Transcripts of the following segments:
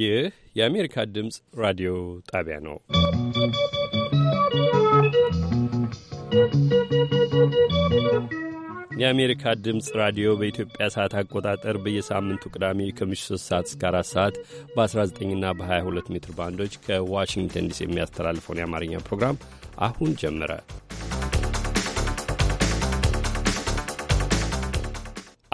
ይህ የአሜሪካ ድምፅ ራዲዮ ጣቢያ ነው። የአሜሪካ ድምፅ ራዲዮ በኢትዮጵያ ሰዓት አቆጣጠር በየሳምንቱ ቅዳሜ ከምሽቱ 3 ሰዓት እስከ 4 ሰዓት በ19ና በ22 ሜትር ባንዶች ከዋሽንግተን ዲሲ የሚያስተላልፈውን የአማርኛ ፕሮግራም አሁን ጀመረ።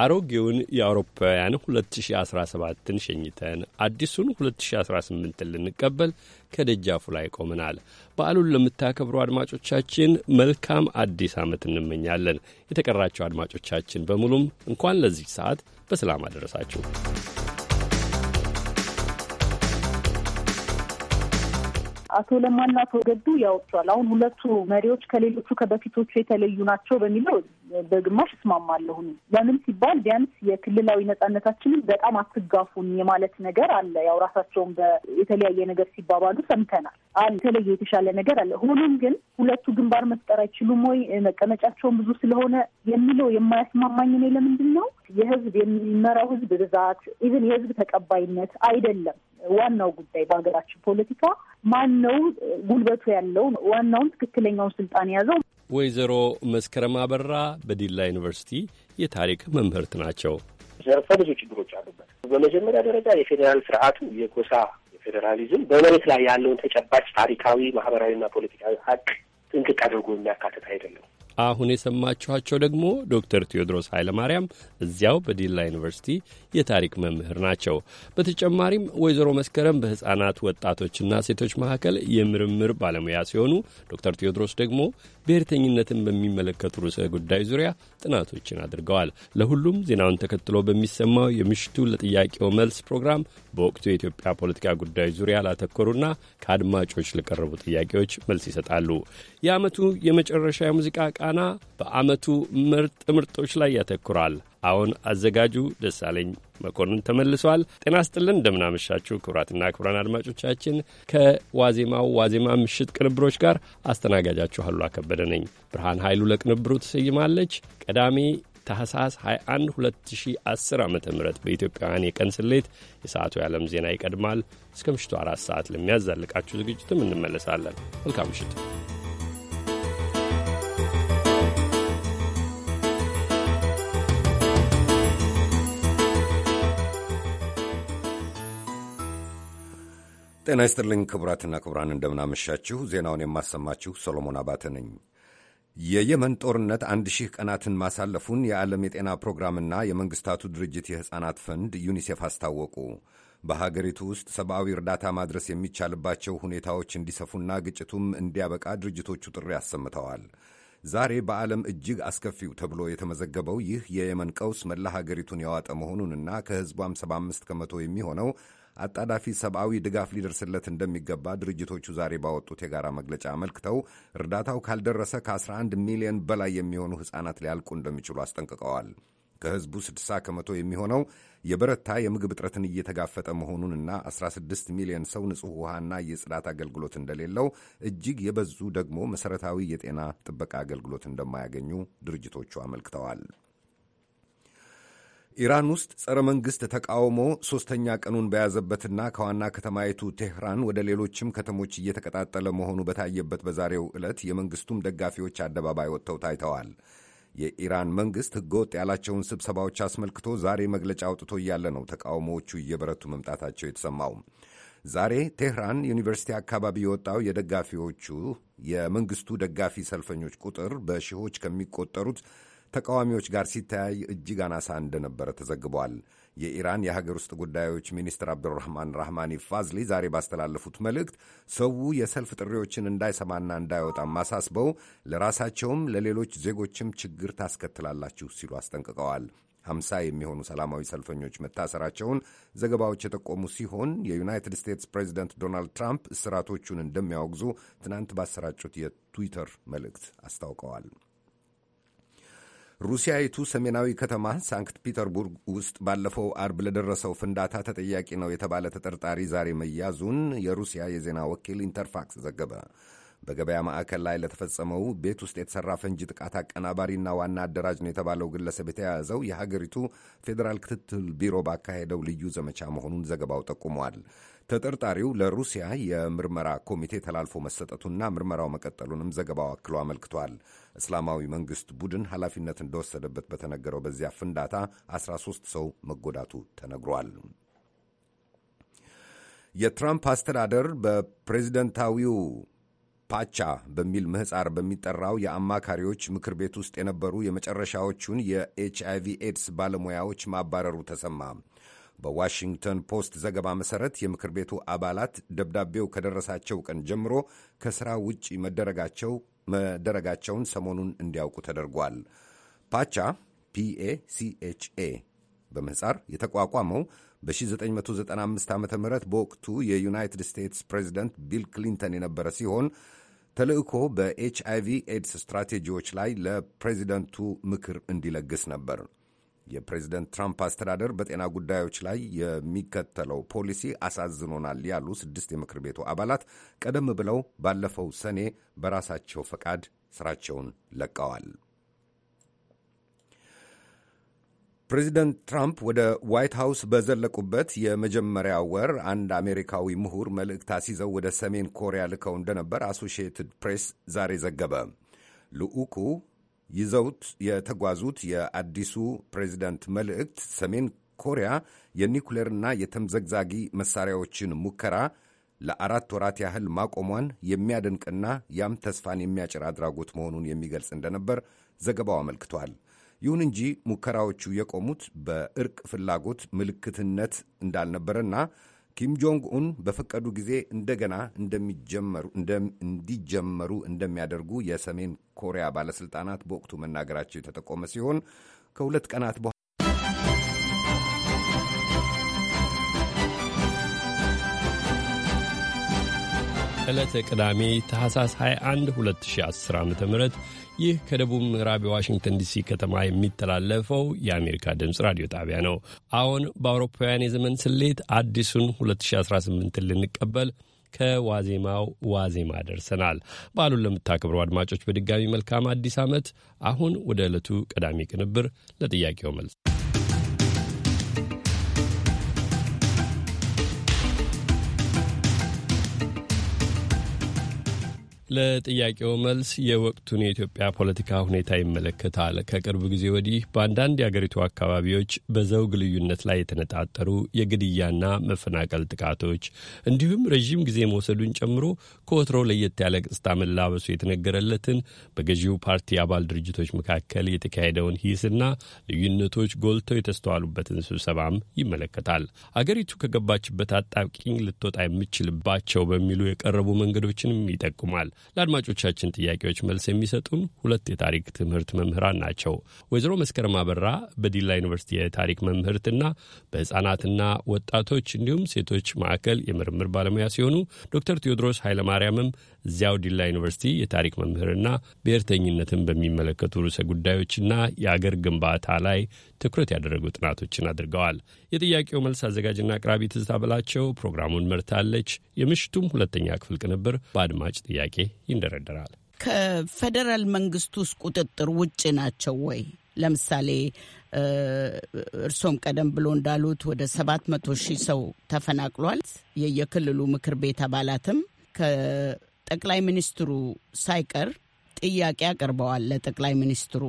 አሮጌውን የአውሮፓውያን 2017ን ሸኝተን አዲሱን 2018 ልንቀበል ከደጃፉ ላይ ቆመናል። በዓሉን ለምታከብሩ አድማጮቻችን መልካም አዲስ ዓመት እንመኛለን። የተቀራቸው አድማጮቻችን በሙሉም እንኳን ለዚህ ሰዓት በሰላም አደረሳችሁ። አቶ ለማና አቶ ገዱ ያወጥቷል። አሁን ሁለቱ መሪዎች ከሌሎቹ ከበፊቶቹ የተለዩ ናቸው በሚለው በግማሽ እስማማለሁ። ለምን ሲባል ቢያንስ የክልላዊ ነጻነታችንን በጣም አትጋፉን የማለት ነገር አለ። ያው ራሳቸውን የተለያየ ነገር ሲባባሉ ሰምተናል። አለ የተለየ የተሻለ ነገር አለ። ሆኖም ግን ሁለቱ ግንባር መፍጠር አይችሉም ወይ መቀመጫቸውን ብዙ ስለሆነ የሚለው የማያስማማኝ ነው። ለምንድን ነው የህዝብ የሚመራው ህዝብ ብዛት ኢቭን የህዝብ ተቀባይነት አይደለም ዋናው ጉዳይ በሀገራችን ፖለቲካ ማን ነው ጉልበቱ ያለው ዋናውን ትክክለኛውን ስልጣን የያዘው። ወይዘሮ መስከረም አበራ በዲላ ዩኒቨርሲቲ የታሪክ መምህርት ናቸው። ዘርፈ ብዙ ችግሮች አሉበት። በመጀመሪያ ደረጃ የፌዴራል ስርዓቱ የጎሳ ፌዴራሊዝም በመሬት ላይ ያለውን ተጨባጭ ታሪካዊ፣ ማህበራዊና ፖለቲካዊ ሀቅ ጥንቅቅ አድርጎ የሚያካትት አይደለም። አሁን የሰማችኋቸው ደግሞ ዶክተር ቴዎድሮስ ኃይለማርያም እዚያው በዲላ ዩኒቨርሲቲ የታሪክ መምህር ናቸው። በተጨማሪም ወይዘሮ መስከረም በሕፃናት ወጣቶችና ሴቶች መካከል የምርምር ባለሙያ ሲሆኑ ዶክተር ቴዎድሮስ ደግሞ ብሔርተኝነትን በሚመለከቱ ርዕሰ ጉዳይ ዙሪያ ጥናቶችን አድርገዋል። ለሁሉም ዜናውን ተከትሎ በሚሰማው የምሽቱ ለጥያቄው መልስ ፕሮግራም በወቅቱ የኢትዮጵያ ፖለቲካ ጉዳይ ዙሪያ ላተኮሩና ከአድማጮች ለቀረቡ ጥያቄዎች መልስ ይሰጣሉ። የዓመቱ የመጨረሻ የሙዚቃ ቃና በዓመቱ ምርጥ ምርጦች ላይ ያተኩራል። አሁን አዘጋጁ ደሳለኝ መኮንን ተመልሷል። ጤና ስጥልን፣ እንደምናመሻችሁ ክቡራትና ክቡራን አድማጮቻችን ከዋዜማው ዋዜማ ምሽት ቅንብሮች ጋር አስተናጋጃችሁ አሉ አከበደ ነኝ። ብርሃን ኃይሉ ለቅንብሩ ትሰይማለች። ቀዳሜ ታህሳስ 21 2010 ዓ ም በኢትዮጵያውያን የቀን ስሌት የሰዓቱ የዓለም ዜና ይቀድማል። እስከ ምሽቱ አራት ሰዓት ለሚያዛልቃችሁ ዝግጅትም እንመለሳለን። መልካም ምሽት። ጤና ይስጥልኝ ክቡራትና ክቡራን፣ እንደምናመሻችሁ። ዜናውን የማሰማችሁ ሰሎሞን አባተ ነኝ። የየመን ጦርነት አንድ ሺህ ቀናትን ማሳለፉን የዓለም የጤና ፕሮግራምና የመንግሥታቱ ድርጅት የሕፃናት ፈንድ ዩኒሴፍ አስታወቁ። በሀገሪቱ ውስጥ ሰብአዊ እርዳታ ማድረስ የሚቻልባቸው ሁኔታዎች እንዲሰፉና ግጭቱም እንዲያበቃ ድርጅቶቹ ጥሪ አሰምተዋል። ዛሬ በዓለም እጅግ አስከፊው ተብሎ የተመዘገበው ይህ የየመን ቀውስ መላ ሀገሪቱን ያዋጠ መሆኑንና ከሕዝቧም 75 ከመቶ የሚሆነው አጣዳፊ ሰብአዊ ድጋፍ ሊደርስለት እንደሚገባ ድርጅቶቹ ዛሬ ባወጡት የጋራ መግለጫ አመልክተው እርዳታው ካልደረሰ ከ11 ሚሊዮን በላይ የሚሆኑ ሕፃናት ሊያልቁ እንደሚችሉ አስጠንቅቀዋል። ከህዝቡ 60 ከመቶ የሚሆነው የበረታ የምግብ እጥረትን እየተጋፈጠ መሆኑንና 16 ሚሊዮን ሰው ንጹሕ ውሃና የጽዳት አገልግሎት እንደሌለው እጅግ የበዙ ደግሞ መሠረታዊ የጤና ጥበቃ አገልግሎት እንደማያገኙ ድርጅቶቹ አመልክተዋል። ኢራን ውስጥ ጸረ መንግሥት ተቃውሞ ሦስተኛ ቀኑን በያዘበትና ከዋና ከተማይቱ ቴህራን ወደ ሌሎችም ከተሞች እየተቀጣጠለ መሆኑ በታየበት በዛሬው ዕለት የመንግሥቱም ደጋፊዎች አደባባይ ወጥተው ታይተዋል። የኢራን መንግሥት ሕገወጥ ያላቸውን ስብሰባዎች አስመልክቶ ዛሬ መግለጫ አውጥቶ እያለ ነው ተቃውሞዎቹ እየበረቱ መምጣታቸው የተሰማው። ዛሬ ቴህራን ዩኒቨርሲቲ አካባቢ የወጣው የደጋፊዎቹ የመንግሥቱ ደጋፊ ሰልፈኞች ቁጥር በሺዎች ከሚቆጠሩት ተቃዋሚዎች ጋር ሲተያይ እጅግ አናሳ እንደነበረ ተዘግቧል። የኢራን የሀገር ውስጥ ጉዳዮች ሚኒስትር አብዱራህማን ራህማኒ ፋዝሊ ዛሬ ባስተላለፉት መልእክት ሰው የሰልፍ ጥሪዎችን እንዳይሰማና እንዳይወጣም አሳስበው ለራሳቸውም ለሌሎች ዜጎችም ችግር ታስከትላላችሁ ሲሉ አስጠንቅቀዋል። ሀምሳ የሚሆኑ ሰላማዊ ሰልፈኞች መታሰራቸውን ዘገባዎች የጠቆሙ ሲሆን የዩናይትድ ስቴትስ ፕሬዚደንት ዶናልድ ትራምፕ እስራቶቹን እንደሚያወግዙ ትናንት ባሰራጩት የትዊተር መልእክት አስታውቀዋል። ሩሲያዊቱ ሰሜናዊ ከተማ ሳንክት ፒተርቡርግ ውስጥ ባለፈው አርብ ለደረሰው ፍንዳታ ተጠያቂ ነው የተባለ ተጠርጣሪ ዛሬ መያዙን የሩሲያ የዜና ወኪል ኢንተርፋክስ ዘገበ። በገበያ ማዕከል ላይ ለተፈጸመው ቤት ውስጥ የተሰራ ፈንጂ ጥቃት አቀናባሪና ዋና አደራጅ ነው የተባለው ግለሰብ የተያያዘው የሀገሪቱ ፌዴራል ክትትል ቢሮ ባካሄደው ልዩ ዘመቻ መሆኑን ዘገባው ጠቁሟል። ተጠርጣሪው ለሩሲያ የምርመራ ኮሚቴ ተላልፎ መሰጠቱና ምርመራው መቀጠሉንም ዘገባው አክሎ አመልክቷል። እስላማዊ መንግስት ቡድን ኃላፊነት እንደወሰደበት በተነገረው በዚያ ፍንዳታ 13 ሰው መጎዳቱ ተነግሯል። የትራምፕ አስተዳደር በፕሬዚደንታዊው ፓቻ በሚል ምህፃር በሚጠራው የአማካሪዎች ምክር ቤት ውስጥ የነበሩ የመጨረሻዎቹን የኤችአይቪ ኤድስ ባለሙያዎች ማባረሩ ተሰማ። በዋሽንግተን ፖስት ዘገባ መሰረት የምክር ቤቱ አባላት ደብዳቤው ከደረሳቸው ቀን ጀምሮ ከሥራ ውጪ መደረጋቸው መደረጋቸውን ሰሞኑን እንዲያውቁ ተደርጓል። ፓቻ ፒኤሲኤችኤ በምህጻር የተቋቋመው በ1995 ዓ ም በወቅቱ የዩናይትድ ስቴትስ ፕሬዚደንት ቢል ክሊንተን የነበረ ሲሆን ተልእኮ በኤችአይቪ ኤድስ ስትራቴጂዎች ላይ ለፕሬዚደንቱ ምክር እንዲለግስ ነበር። የፕሬዚደንት ትራምፕ አስተዳደር በጤና ጉዳዮች ላይ የሚከተለው ፖሊሲ አሳዝኖናል ያሉ ስድስት የምክር ቤቱ አባላት ቀደም ብለው ባለፈው ሰኔ በራሳቸው ፈቃድ ስራቸውን ለቀዋል። ፕሬዚደንት ትራምፕ ወደ ዋይት ሃውስ በዘለቁበት የመጀመሪያ ወር አንድ አሜሪካዊ ምሁር መልእክት አስይዘው ወደ ሰሜን ኮሪያ ልከው እንደነበር አሶሺየትድ ፕሬስ ዛሬ ዘገበ። ልዑኩ ይዘውት የተጓዙት የአዲሱ ፕሬዚዳንት መልእክት ሰሜን ኮሪያ የኒኩሌርና የተምዘግዛጊ መሳሪያዎችን ሙከራ ለአራት ወራት ያህል ማቆሟን የሚያደንቅና ያም ተስፋን የሚያጭር አድራጎት መሆኑን የሚገልጽ እንደነበር ዘገባው አመልክቷል። ይሁን እንጂ ሙከራዎቹ የቆሙት በእርቅ ፍላጎት ምልክትነት እንዳልነበረና ኪም ጆንግ ኡን በፈቀዱ ጊዜ እንደገና እንዲጀመሩ እንደሚያደርጉ የሰሜን ኮሪያ ባለሥልጣናት በወቅቱ መናገራቸው የተጠቆመ ሲሆን ከሁለት ቀናት በኋላ ዕለተ ቅዳሜ ታህሳስ 21 2010 ዓ ም ይህ ከደቡብ ምዕራብ የዋሽንግተን ዲሲ ከተማ የሚተላለፈው የአሜሪካ ድምፅ ራዲዮ ጣቢያ ነው። አሁን በአውሮፓውያን የዘመን ስሌት አዲሱን 2018 ልንቀበል ከዋዜማው ዋዜማ ደርሰናል። በዓሉን ለምታክብረው አድማጮች በድጋሚ መልካም አዲስ ዓመት። አሁን ወደ ዕለቱ ቀዳሚ ቅንብር ለጥያቄው መልስ ለጥያቄው መልስ የወቅቱን የኢትዮጵያ ፖለቲካ ሁኔታ ይመለከታል። ከቅርብ ጊዜ ወዲህ በአንዳንድ የአገሪቱ አካባቢዎች በዘውግ ልዩነት ላይ የተነጣጠሩ የግድያና መፈናቀል ጥቃቶች እንዲሁም ረዥም ጊዜ መውሰዱን ጨምሮ ከወትሮ ለየት ያለ ገጽታ መላበሱ የተነገረለትን በገዢው ፓርቲ አባል ድርጅቶች መካከል የተካሄደውን ሂስና ልዩነቶች ጎልተው የተስተዋሉበትን ስብሰባም ይመለከታል። አገሪቱ ከገባችበት አጣብቂኝ ልትወጣ የምችልባቸው በሚሉ የቀረቡ መንገዶችንም ይጠቁማል። ለአድማጮቻችን ጥያቄዎች መልስ የሚሰጡን ሁለት የታሪክ ትምህርት መምህራን ናቸው። ወይዘሮ መስከረም አበራ በዲላ ዩኒቨርሲቲ የታሪክ መምህርትና በሕፃናትና ወጣቶች እንዲሁም ሴቶች ማዕከል የምርምር ባለሙያ ሲሆኑ ዶክተር ቴዎድሮስ ኃይለማርያምም እዚያው ዲላ ዩኒቨርሲቲ የታሪክ መምህርና ብሔርተኝነትን በሚመለከቱ ርዕሰ ጉዳዮችና የአገር ግንባታ ላይ ትኩረት ያደረጉ ጥናቶችን አድርገዋል። የጥያቄው መልስ አዘጋጅና አቅራቢ ትዝታ በላቸው ፕሮግራሙን መርታለች። የምሽቱም ሁለተኛ ክፍል ቅንብር በአድማጭ ጥያቄ ይንደረደራል። ከፌዴራል መንግስት ውስጥ ቁጥጥር ውጭ ናቸው ወይ? ለምሳሌ እርሶም ቀደም ብሎ እንዳሉት ወደ ሰባት መቶ ሺህ ሰው ተፈናቅሏል። የየክልሉ ምክር ቤት አባላትም ጠቅላይ ሚኒስትሩ ሳይቀር ጥያቄ አቅርበዋል ለጠቅላይ ሚኒስትሩ።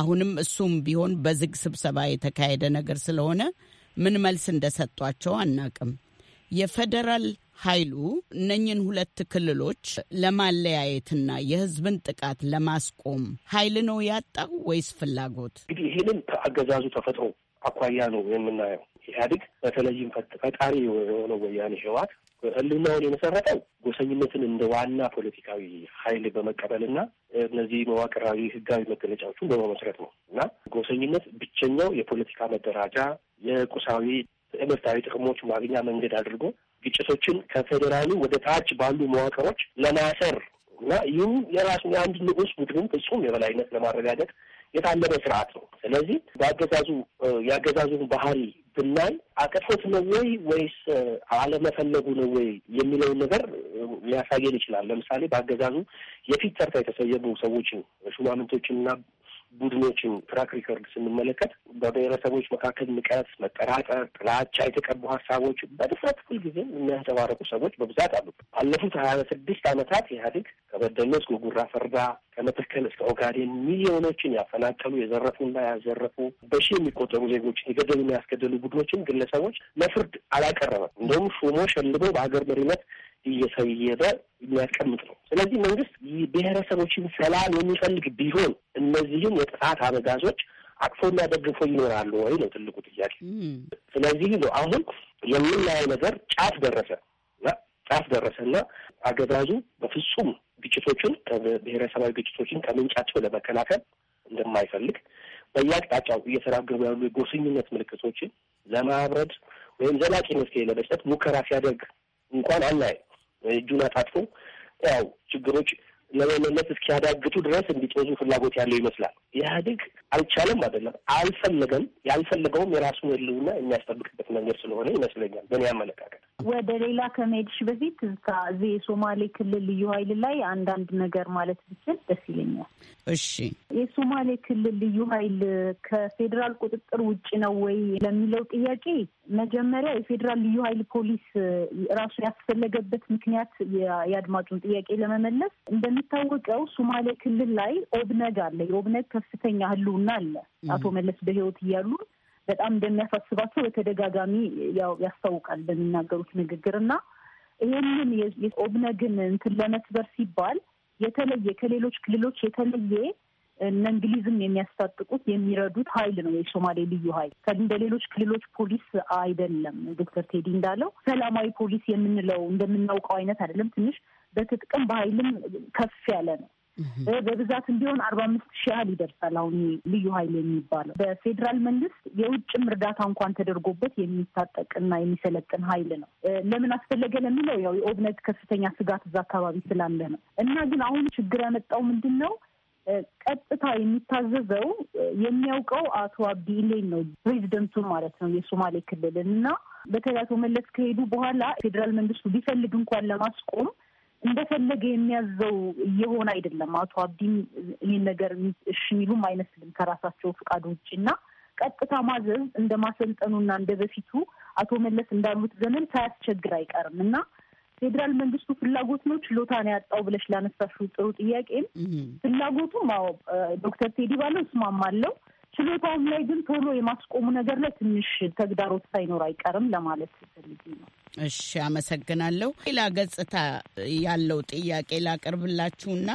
አሁንም እሱም ቢሆን በዝግ ስብሰባ የተካሄደ ነገር ስለሆነ ምን መልስ እንደሰጧቸው አናቅም። የፌዴራል ኃይሉ እነኝን ሁለት ክልሎች ለማለያየትና የህዝብን ጥቃት ለማስቆም ኃይል ነው ያጣው ወይስ ፍላጎት? እንግዲህ ይህንን ከአገዛዙ ተፈጥሮ አኳያ ነው የምናየው። ኢህአዴግ በተለይም ፈጣሪ የሆነው ወያኔ ህወሓት ህልናውን የመሰረተው ጎሰኝነትን እንደ ዋና ፖለቲካዊ ኃይል በመቀበልና እነዚህ መዋቅራዊ ህጋዊ መገለጫዎቹን በመመስረት ነው እና ጎሰኝነት ብቸኛው የፖለቲካ መደራጃ የቁሳዊ ምርታዊ ጥቅሞች ማግኛ መንገድ አድርጎ ግጭቶችን ከፌዴራሉ ወደ ታች ባሉ መዋቅሮች ለማሰር እና ይህም የራሱ የአንድ ንዑስ ቡድን ፍጹም የበላይነት ለማረጋገጥ የታለመ ስርዓት ነው። ስለዚህ በአገዛዙ የአገዛዙን ባህሪ ብናይ አቅቶት ነው ወይ ወይስ አለመፈለጉ ነው ወይ የሚለውን ነገር ሊያሳየን ይችላል። ለምሳሌ በአገዛዙ የፊት ተርታ የተሰየሙ ሰዎችን ሹማምንቶችንና ቡድኖችን ትራክ ሪከርድ ስንመለከት በብሔረሰቦች መካከል ንቀት፣ መጠራጠር፣ ጥላቻ የተቀቡ ሀሳቦች በድፍረት ሁልጊዜ የሚያንጸባረቁ ሰዎች በብዛት አሉ። ባለፉት ሀያ ስድስት ዓመታት ኢህአዴግ ከበደሎ እስከ ጉራ ፈርዳ፣ ከመተከል እስከ ኦጋዴን ሚሊዮኖችን ያፈናቀሉ የዘረፉና ያዘረፉ በሺ የሚቆጠሩ ዜጎችን የገደሉና ያስገደሉ ቡድኖችን፣ ግለሰቦች ለፍርድ አላቀረበም። እንደውም ሹሞ ሸልበው በሀገር መሪነት እየሰየበ የሚያስቀምጥ ነው። ስለዚህ መንግስት ብሔረሰቦችን ሰላም የሚፈልግ ቢሆን እነዚህም የጥፋት አበጋዞች አቅፎና የሚያደግፎ ይኖራሉ ወይ ነው ትልቁ ጥያቄ። ስለዚህ ነው አሁን የምናየው ነገር ጫፍ ደረሰ ጫፍ ደረሰ እና አገዛዙ በፍጹም ግጭቶችን ብሔረሰባዊ ግጭቶችን ከምንጫቸው ለመከላከል እንደማይፈልግ በየአቅጣጫው እየተራገቡ ያሉ የጎስኝነት ምልክቶችን ለማብረድ ወይም ዘላቂ መፍትሄ ለመስጠት ሙከራ ሲያደርግ እንኳን አናይም። እጁን አጣጥፎ ያው ችግሮች ለመመለስ እስኪያዳግቱ ድረስ እንዲጦዙ ፍላጎት ያለው ይመስላል። ኢህአዴግ አልቻለም አይደለም አልፈለገም። ያልፈለገውም የራሱ ህልውና የሚያስጠብቅበት መንገድ ስለሆነ ይመስለኛል በእኔ አመለካከት። ወደ ሌላ ከመሄድሽ በፊት እዚህ የሶማሌ ክልል ልዩ ኃይል ላይ አንዳንድ ነገር ማለት ብችል ደስ ይለኛል። እሺ፣ የሶማሌ ክልል ልዩ ኃይል ከፌዴራል ቁጥጥር ውጭ ነው ወይ ለሚለው ጥያቄ መጀመሪያ የፌዴራል ልዩ ኃይል ፖሊስ ራሱ ያስፈለገበት ምክንያት የአድማጩን ጥያቄ ለመመለስ እንደ እንደሚታወቀው ሶማሌ ክልል ላይ ኦብነግ አለ። የኦብነግ ከፍተኛ ህልውና አለ። አቶ መለስ በህይወት እያሉ በጣም እንደሚያሳስባቸው በተደጋጋሚ ያው ያስታውቃል በሚናገሩት ንግግር እና ይህንን የኦብነግን እንትን ለመስበር ሲባል የተለየ ከሌሎች ክልሎች የተለየ እነ እንግሊዝም የሚያስታጥቁት የሚረዱት ሀይል ነው የሶማሌ ልዩ ሀይል። እንደ ሌሎች ክልሎች ፖሊስ አይደለም። ዶክተር ቴዲ እንዳለው ሰላማዊ ፖሊስ የምንለው እንደምናውቀው አይነት አይደለም። ትንሽ በትጥቅም በኃይልም ከፍ ያለ ነው። በብዛት እንዲሆን አርባ አምስት ሺህ ያህል ይደርሳል። አሁን ልዩ ኃይል የሚባለው በፌዴራል መንግስት የውጭም እርዳታ እንኳን ተደርጎበት የሚታጠቅና የሚሰለጥን ኃይል ነው። ለምን አስፈለገ ለሚለው ያው የኦብነግ ከፍተኛ ስጋት እዛ አካባቢ ስላለ ነው እና ግን አሁን ችግር ያመጣው ምንድን ነው? ቀጥታ የሚታዘዘው የሚያውቀው አቶ አብዲ ኢሌን ነው፣ ፕሬዚደንቱ ማለት ነው የሶማሌ ክልልን እና በተለይ አቶ መለስ ከሄዱ በኋላ ፌዴራል መንግስቱ ቢፈልግ እንኳን ለማስቆም እንደፈለገ የሚያዘው እየሆነ አይደለም። አቶ አብዲም ይህን ነገር እሺ የሚሉም አይመስልም ከራሳቸው ፍቃድ ውጭ እና ቀጥታ ማዘዝ እንደ ማሰልጠኑና እንደ በፊቱ አቶ መለስ እንዳሉት ዘመን ሳያስቸግር አይቀርም እና ፌዴራል መንግስቱ ፍላጎት ነው ችሎታ ነው ያጣው ብለሽ ላነሳሽው ጥሩ ጥያቄም ፍላጎቱም ዶክተር ቴዲ ባለው እስማማለሁ አሁን ላይ ግን ቶሎ የማስቆሙ ነገር ላይ ትንሽ ተግዳሮት ሳይኖር አይቀርም ለማለት ፈልጊ ነው። እሺ፣ አመሰግናለሁ። ሌላ ገጽታ ያለው ጥያቄ ላቅርብላችሁና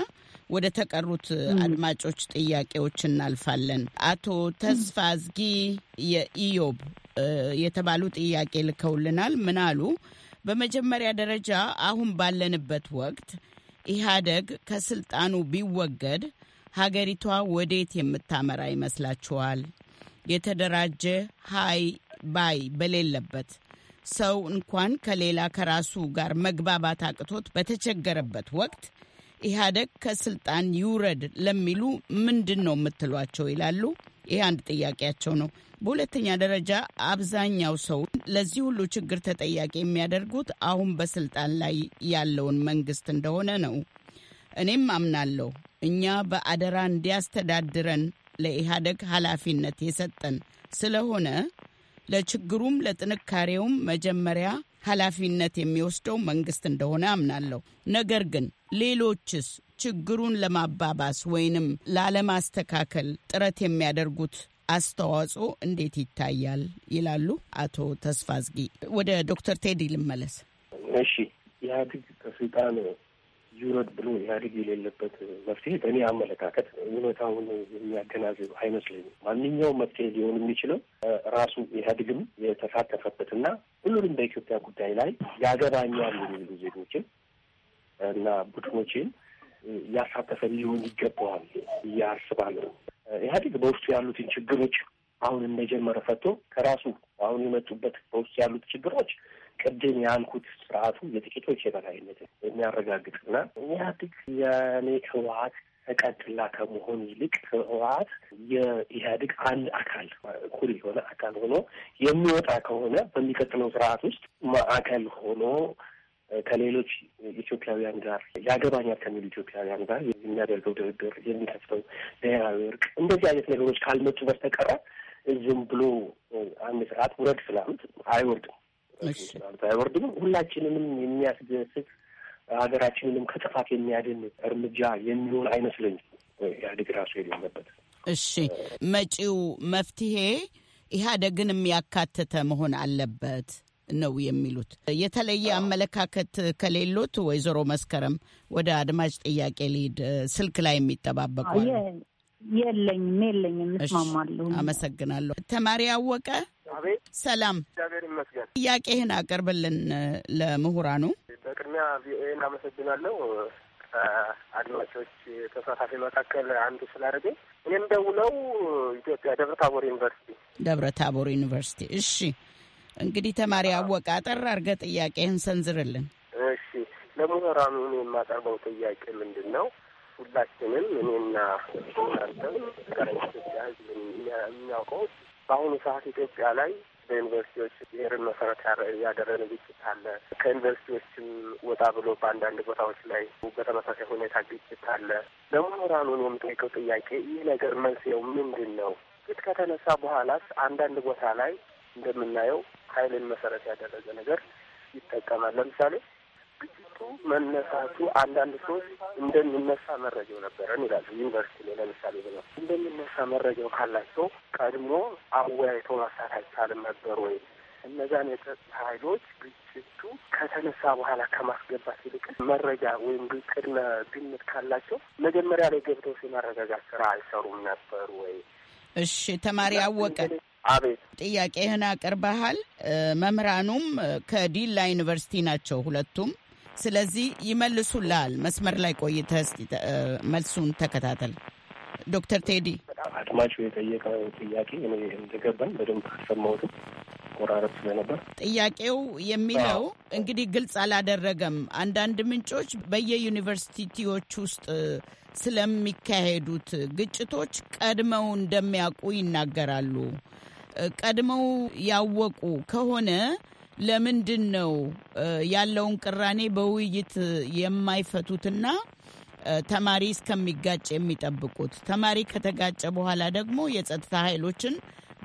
ወደ ተቀሩት አድማጮች ጥያቄዎች እናልፋለን። አቶ ተስፋ አዝጊ የኢዮብ የተባሉ ጥያቄ ልከውልናል። ምን አሉ? በመጀመሪያ ደረጃ አሁን ባለንበት ወቅት ኢህአደግ ከስልጣኑ ቢወገድ ሀገሪቷ ወዴት የምታመራ ይመስላችኋል? የተደራጀ ሀይ ባይ በሌለበት ሰው እንኳን ከሌላ ከራሱ ጋር መግባባት አቅቶት በተቸገረበት ወቅት ኢህአደግ ከስልጣን ይውረድ ለሚሉ ምንድን ነው የምትሏቸው? ይላሉ። ይህ አንድ ጥያቄያቸው ነው። በሁለተኛ ደረጃ አብዛኛው ሰው ለዚህ ሁሉ ችግር ተጠያቂ የሚያደርጉት አሁን በስልጣን ላይ ያለውን መንግስት እንደሆነ ነው። እኔም አምናለሁ እኛ በአደራ እንዲያስተዳድረን ለኢህአደግ ኃላፊነት የሰጠን ስለሆነ ለችግሩም ለጥንካሬውም መጀመሪያ ኃላፊነት የሚወስደው መንግስት እንደሆነ አምናለሁ። ነገር ግን ሌሎችስ ችግሩን ለማባባስ ወይንም ላለማስተካከል ጥረት የሚያደርጉት አስተዋጽኦ እንዴት ይታያል? ይላሉ አቶ ተስፋ አዝጊ። ወደ ዶክተር ቴዲ ልመለስ። እሺ ኢህአዴግ ከስልጣን ይውረድ ብሎ ኢህአዴግ የሌለበት መፍትሄ በእኔ አመለካከት እውነታውን የሚያገናዝብ አይመስለኝም። ማንኛውም መፍትሄ ሊሆን የሚችለው ራሱ ኢህአዴግም የተሳተፈበትና ሁሉንም በኢትዮጵያ ጉዳይ ላይ ያገባኛል የሚሉ ዜጎችን እና ቡድኖችን ያሳተፈ ሊሆን ይገባዋል ብዬ ኢህአዴግ በውስጡ ያሉትን ችግሮች አሁን እንደጀመረ ፈቶ ከራሱ አሁን የመጡበት በውስጡ ያሉት ችግሮች ቅድም ያልኩት ስርዓቱ የጥቂቶች የበላይነትን የሚያረጋግጥና ኢህአዴግ ያኔ ህወሀት ተቀጥላ ከመሆን ይልቅ ህወሀት የኢህአዴግ አንድ አካል እኩል የሆነ አካል ሆኖ የሚወጣ ከሆነ በሚቀጥለው ስርዓት ውስጥ ማዕከል ሆኖ ከሌሎች ኢትዮጵያውያን ጋር ያገባኛል ከሚሉ ኢትዮጵያውያን ጋር የሚያደርገው ድርድር፣ የሚከፍተው ብሔራዊ እርቅ እንደዚህ አይነት ነገሮች ካልመጡ በስተቀረ ዝም ብሎ አንድ ስርዓት ውረድ ስላሉት አይወርድም። አይወርድም። ሁላችንንም የሚያስደስት ሀገራችንንም ከጥፋት የሚያድን እርምጃ የሚሆን አይመስለኝም። ኢህአዴግ ራሱ የሌለበት እሺ፣ መጪው መፍትሄ ኢህአዴግን የሚያካትተ መሆን አለበት ነው የሚሉት። የተለየ አመለካከት ከሌሎት ወይዘሮ መስከረም ወደ አድማጭ ጥያቄ ልሂድ። ስልክ ላይ የሚጠባበቁ የለኝም የለኝም፣ እስማማለሁ። አመሰግናለሁ። ተማሪ ያወቀ ሰላም፣ እግዚአብሔር ይመስገን። ጥያቄህን አቅርብልን ለምሁራኑ። በቅድሚያ ቪኦኤን አመሰግናለሁ። አድማጮች ተሳታፊ መካከል አንዱ ስላደረገኝ እኔም ደውለው ኢትዮጵያ ደብረ ታቦር ዩኒቨርሲቲ ደብረ ታቦር ዩኒቨርሲቲ። እሺ እንግዲህ ተማሪ አወቀ አጠር አድርገህ ጥያቄህን ሰንዝርልን። እሺ ለምሁራኑ የማቀርበው ጥያቄ ምንድን ነው? ሁላችንም እኔና እናንተ ቀረኝ ኢትዮጵያ ህዝብ የሚያውቀው በአሁኑ ሰዓት ኢትዮጵያ ላይ በዩኒቨርሲቲዎች ብሔርን መሰረት ያደረገ ግጭት አለ። ከዩኒቨርሲቲዎችም ወጣ ብሎ በአንዳንድ ቦታዎች ላይ በተመሳሳይ ሁኔታ ግጭት አለ። ለምሁራኑን የምጠይቀው ጥያቄ ይህ ነገር መንስኤው ምንድን ነው? ግጭት ከተነሳ በኋላስ አንዳንድ ቦታ ላይ እንደምናየው ኃይልን መሰረት ያደረገ ነገር ይጠቀማል። ለምሳሌ መነሳቱ መነሳቱ አንዳንድ ሰዎች እንደሚነሳ መረጃው ነበረን ይላሉ። ዩኒቨርሲቲ ላይ ለምሳሌ ብለ እንደሚነሳ መረጃው ካላቸው ቀድሞ አወያይቶ ማሳት አይቻልም ነበር ወይ? እነዛን የጸጥታ ኃይሎች ግጭቱ ከተነሳ በኋላ ከማስገባት ይልቅ መረጃ ወይም ቅድመ ግምት ካላቸው መጀመሪያ ላይ ገብተው የማረጋጋት ስራ አይሰሩም ነበር ወይ? እሺ፣ ተማሪ አወቀ አቤት፣ ጥያቄህን አቅርበሃል። መምህራኑም ከዲላ ዩኒቨርሲቲ ናቸው ሁለቱም ስለዚህ ይመልሱላል። መስመር ላይ ቆይተህ መልሱን ተከታተል ዶክተር ቴዲ። አድማጩ የጠየቀው ጥያቄ እኔ እንደገባኝ በደንብ አልሰማሁትም፣ ቆራረጥ ስለነበር ጥያቄው የሚለው እንግዲህ ግልጽ አላደረገም። አንዳንድ ምንጮች በየዩኒቨርሲቲዎች ውስጥ ስለሚካሄዱት ግጭቶች ቀድመው እንደሚያውቁ ይናገራሉ። ቀድመው ያወቁ ከሆነ ለምንድን ነው ያለውን ቅራኔ በውይይት የማይፈቱትና ተማሪ እስከሚጋጭ የሚጠብቁት? ተማሪ ከተጋጨ በኋላ ደግሞ የጸጥታ ኃይሎችን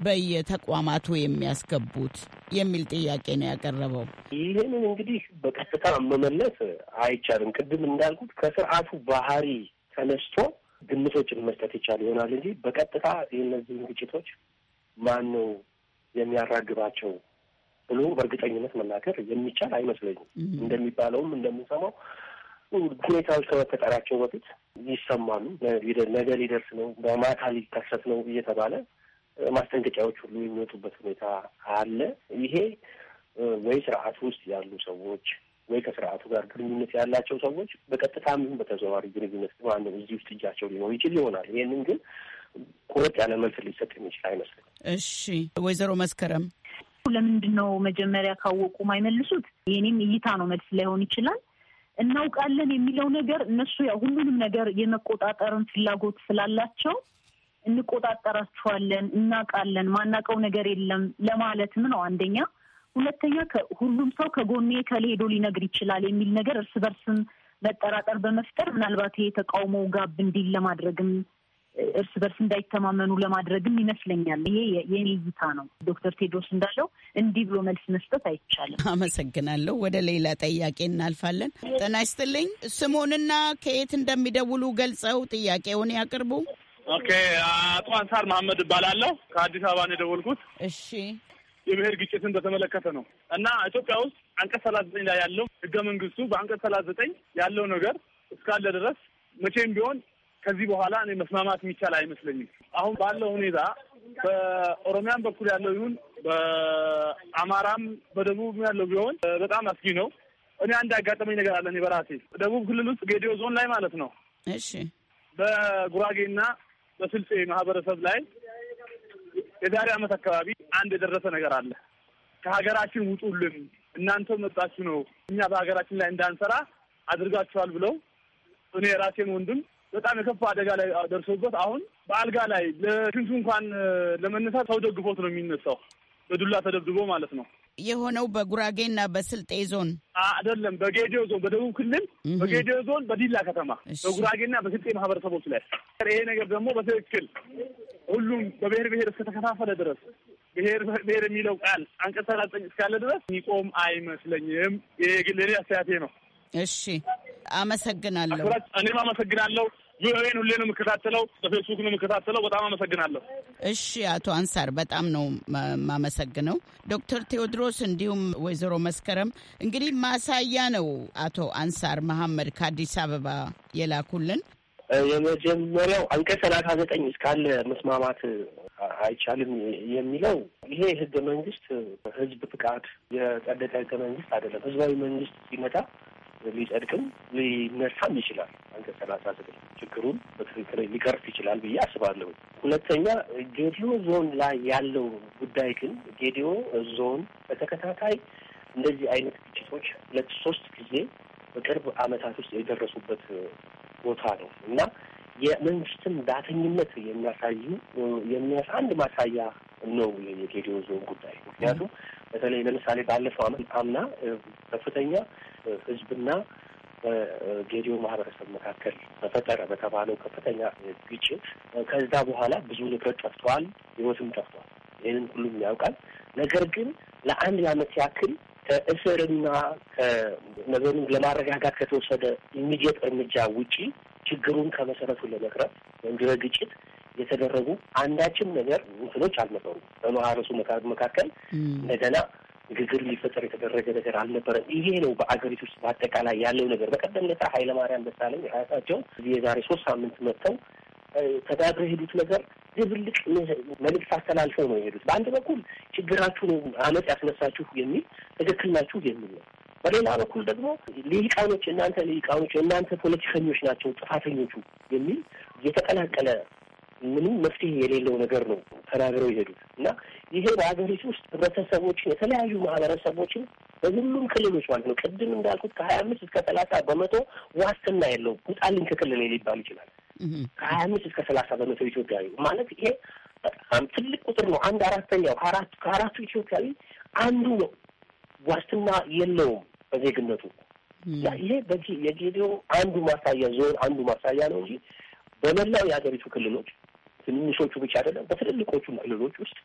በየተቋማቱ የሚያስገቡት የሚል ጥያቄ ነው ያቀረበው። ይህንን እንግዲህ በቀጥታ መመለስ አይቻልም። ቅድም እንዳልኩት ከስርዓቱ ባህሪ ተነስቶ ግምቶችን መስጠት ይቻል ይሆናል እንጂ በቀጥታ የእነዚህን ግጭቶች ማን ነው የሚያራግባቸው ብሎ በእርግጠኝነት መናገር የሚቻል አይመስለኝም። እንደሚባለውም እንደምንሰማው ሁኔታዎች ከመፈጠራቸው በፊት ይሰማሉ። ነገ ሊደርስ ነው፣ በማታ ሊከሰት ነው እየተባለ ማስጠንቀቂያዎች ሁሉ የሚወጡበት ሁኔታ አለ። ይሄ ወይ ስርዓቱ ውስጥ ያሉ ሰዎች ወይ ከስርዓቱ ጋር ግንኙነት ያላቸው ሰዎች በቀጥታ ምን በተዘዋዋሪ ግንኙነት ማነው እዚህ ውስጥ እጃቸው ሊኖር ይችል ይሆናል። ይህንን ግን ቁርጥ ያለ መልስ ሊሰጥ የሚችል አይመስልም። እሺ፣ ወይዘሮ መስከረም ለምንድን ነው መጀመሪያ ካወቁ ማይመልሱት? የኔም እይታ ነው መልስ ላይሆን ይችላል። እናውቃለን የሚለው ነገር እነሱ ያው ሁሉንም ነገር የመቆጣጠርን ፍላጎት ስላላቸው እንቆጣጠራችኋለን፣ እናውቃለን፣ ማናውቀው ነገር የለም ለማለትም ነው አንደኛ። ሁለተኛ ሁሉም ሰው ከጎኔ ከሌሄዶ ሊነግር ይችላል የሚል ነገር እርስ በርስም መጠራጠር በመፍጠር ምናልባት ይሄ ተቃውሞ ጋብ እንዲል ለማድረግም እርስ በርስ እንዳይተማመኑ ለማድረግም ይመስለኛል። ይሄ የኔ እይታ ነው። ዶክተር ቴድሮስ እንዳለው እንዲህ ብሎ መልስ መስጠት አይቻልም። አመሰግናለሁ። ወደ ሌላ ጥያቄ እናልፋለን። ጤና ይስጥልኝ። ስሙንና ከየት እንደሚደውሉ ገልጸው ጥያቄውን ያቅርቡ። ኦኬ፣ አቶ አንሳር መሀመድ እባላለሁ። ከአዲስ አበባ ነው የደወልኩት። እሺ፣ የብሔር ግጭትን በተመለከተ ነው እና ኢትዮጵያ ውስጥ አንቀጽ ሰላሳ ዘጠኝ ላይ ያለው ህገ መንግስቱ በአንቀጽ ሰላሳ ዘጠኝ ያለው ነገር እስካለ ድረስ መቼም ቢሆን ከዚህ በኋላ እኔ መስማማት የሚቻል አይመስለኝም። አሁን ባለው ሁኔታ በኦሮሚያን በኩል ያለው ይሁን በአማራም በደቡብ ያለው ቢሆን በጣም አስጊ ነው። እኔ አንድ ያጋጠመኝ ነገር አለ። እኔ በራሴ ደቡብ ክልል ውስጥ ጌዲዮ ዞን ላይ ማለት ነው። እሺ፣ በጉራጌና በስልጤ ማህበረሰብ ላይ የዛሬ ዓመት አካባቢ አንድ የደረሰ ነገር አለ። ከሀገራችን ውጡልን፣ እናንተ መጣችሁ ነው እኛ በሀገራችን ላይ እንዳንሰራ አድርጋችኋል ብለው እኔ የራሴን ወንድም በጣም የከፋ አደጋ ላይ ደርሶበት አሁን በአልጋ ላይ ለሽንቱ እንኳን ለመነሳት ሰው ደግፎት ነው የሚነሳው። በዱላ ተደብድቦ ማለት ነው። የሆነው በጉራጌና በስልጤ ዞን አይደለም፣ በጌዲዮ ዞን፣ በደቡብ ክልል በጌዲዮ ዞን በዲላ ከተማ በጉራጌና በስልጤ ማህበረሰቦች ላይ ይሄ ነገር ደግሞ በትክክል ሁሉም በብሔር ብሔር እስከተከፋፈለ ድረስ ብሔር ብሔር የሚለው ቃል አንቀጽ ሰላሳ ዘጠኝ እስካለ ድረስ የሚቆም አይመስለኝም። የግል አስተያየቴ ነው። እሺ አመሰግናለሁ። እኔም አመሰግናለሁ። ቪኦኤን ሁሌ ነው የምከታተለው፣ በፌስቡክ ነው የምከታተለው። በጣም አመሰግናለሁ። እሺ አቶ አንሳር በጣም ነው የማመሰግነው። ዶክተር ቴዎድሮስ እንዲሁም ወይዘሮ መስከረም እንግዲህ ማሳያ ነው አቶ አንሳር መሐመድ ከአዲስ አበባ የላኩልን የመጀመሪያው አንቀጽ ሰላሳ ዘጠኝ እስካለ መስማማት አይቻልም የሚለው ይሄ ህገ መንግስት ህዝብ ፍቃድ የጸደቀ ህገ መንግስት አይደለም። ህዝባዊ መንግስት ሲመጣ ሊጸድቅም ሊነሳም ይችላል። አንቀጽ ሰላሳ ስድስት ችግሩን በትክክል ሊቀርፍ ይችላል ብዬ አስባለሁ። ሁለተኛ ጌዲዮ ዞን ላይ ያለው ጉዳይ ግን ጌዲዮ ዞን በተከታታይ እንደዚህ አይነት ግጭቶች ሁለት ሶስት ጊዜ በቅርብ ዓመታት ውስጥ የደረሱበት ቦታ ነው እና የመንግስትን ዳተኝነት የሚያሳዩ አንድ ማሳያ ነው የጌዲዮ ዞን ጉዳይ። ምክንያቱም በተለይ ለምሳሌ ባለፈው አመት አምና ከፍተኛ ህዝብና በጌዲዮ ማህበረሰብ መካከል በፈጠረ በተባለው ከፍተኛ ግጭት ከዛ በኋላ ብዙ ንብረት ጠፍተዋል፣ ህይወትም ጠፍቷል። ይህንን ሁሉም ያውቃል። ነገር ግን ለአንድ አመት ያክል ከእስርና ከነገሩ ለማረጋጋት ከተወሰደ ኢሚዲየት እርምጃ ውጪ ችግሩን ከመሰረቱ ለመቅረፍ ወይም ግጭት የተደረጉ አንዳችም ነገር እንትኖች አልነበሩ በማህረሱ መካከል እንደገና ግግር ሊፈጠር የተደረገ ነገር አልነበረም። ይሄ ነው በአገሪቱ ውስጥ በአጠቃላይ ያለው ነገር። በቀደም ለታ ኃይለማርያም ደሳለኝ ራሳቸው የዛሬ ሶስት ሳምንት መጥተው ተጋግረው የሄዱት ነገር ድብልቅ መልእክት አስተላልፈው ነው የሄዱት። በአንድ በኩል ችግራችሁ ነው አመፅ ያስነሳችሁ የሚል ትክክል ናችሁ የሚል ነው። በሌላ በኩል ደግሞ ሊቃኖች እናንተ ሊቃኖች እናንተ ፖለቲከኞች ናቸው ጥፋተኞቹ የሚል የተቀላቀለ ምንም መፍትሄ የሌለው ነገር ነው ተናግረው የሄዱት እና ይሄ በሀገሪቱ ውስጥ ህብረተሰቦችን የተለያዩ ማህበረሰቦችን በሁሉም ክልሎች ማለት ነው ቅድም እንዳልኩት ከሀያ አምስት እስከ ሰላሳ በመቶ ዋስትና የለው ውጣልኝ ከክልል ሊባል ይችላል። ከሀያ አምስት እስከ ሰላሳ በመቶ ኢትዮጵያዊ ማለት ይሄ በጣም ትልቅ ቁጥር ነው። አንድ አራተኛው ከአራቱ ከአራቱ ኢትዮጵያዊ አንዱ ነው ዋስትና የለውም በዜግነቱ። ይሄ በዚህ የጌዲዮ አንዱ ማሳያ ዞን አንዱ ማሳያ ነው እንጂ በመላው የሀገሪቱ ክልሎች ትንንሾቹ ብቻ አይደለም፣ በትልልቆቹ ክልሎች ውስጥ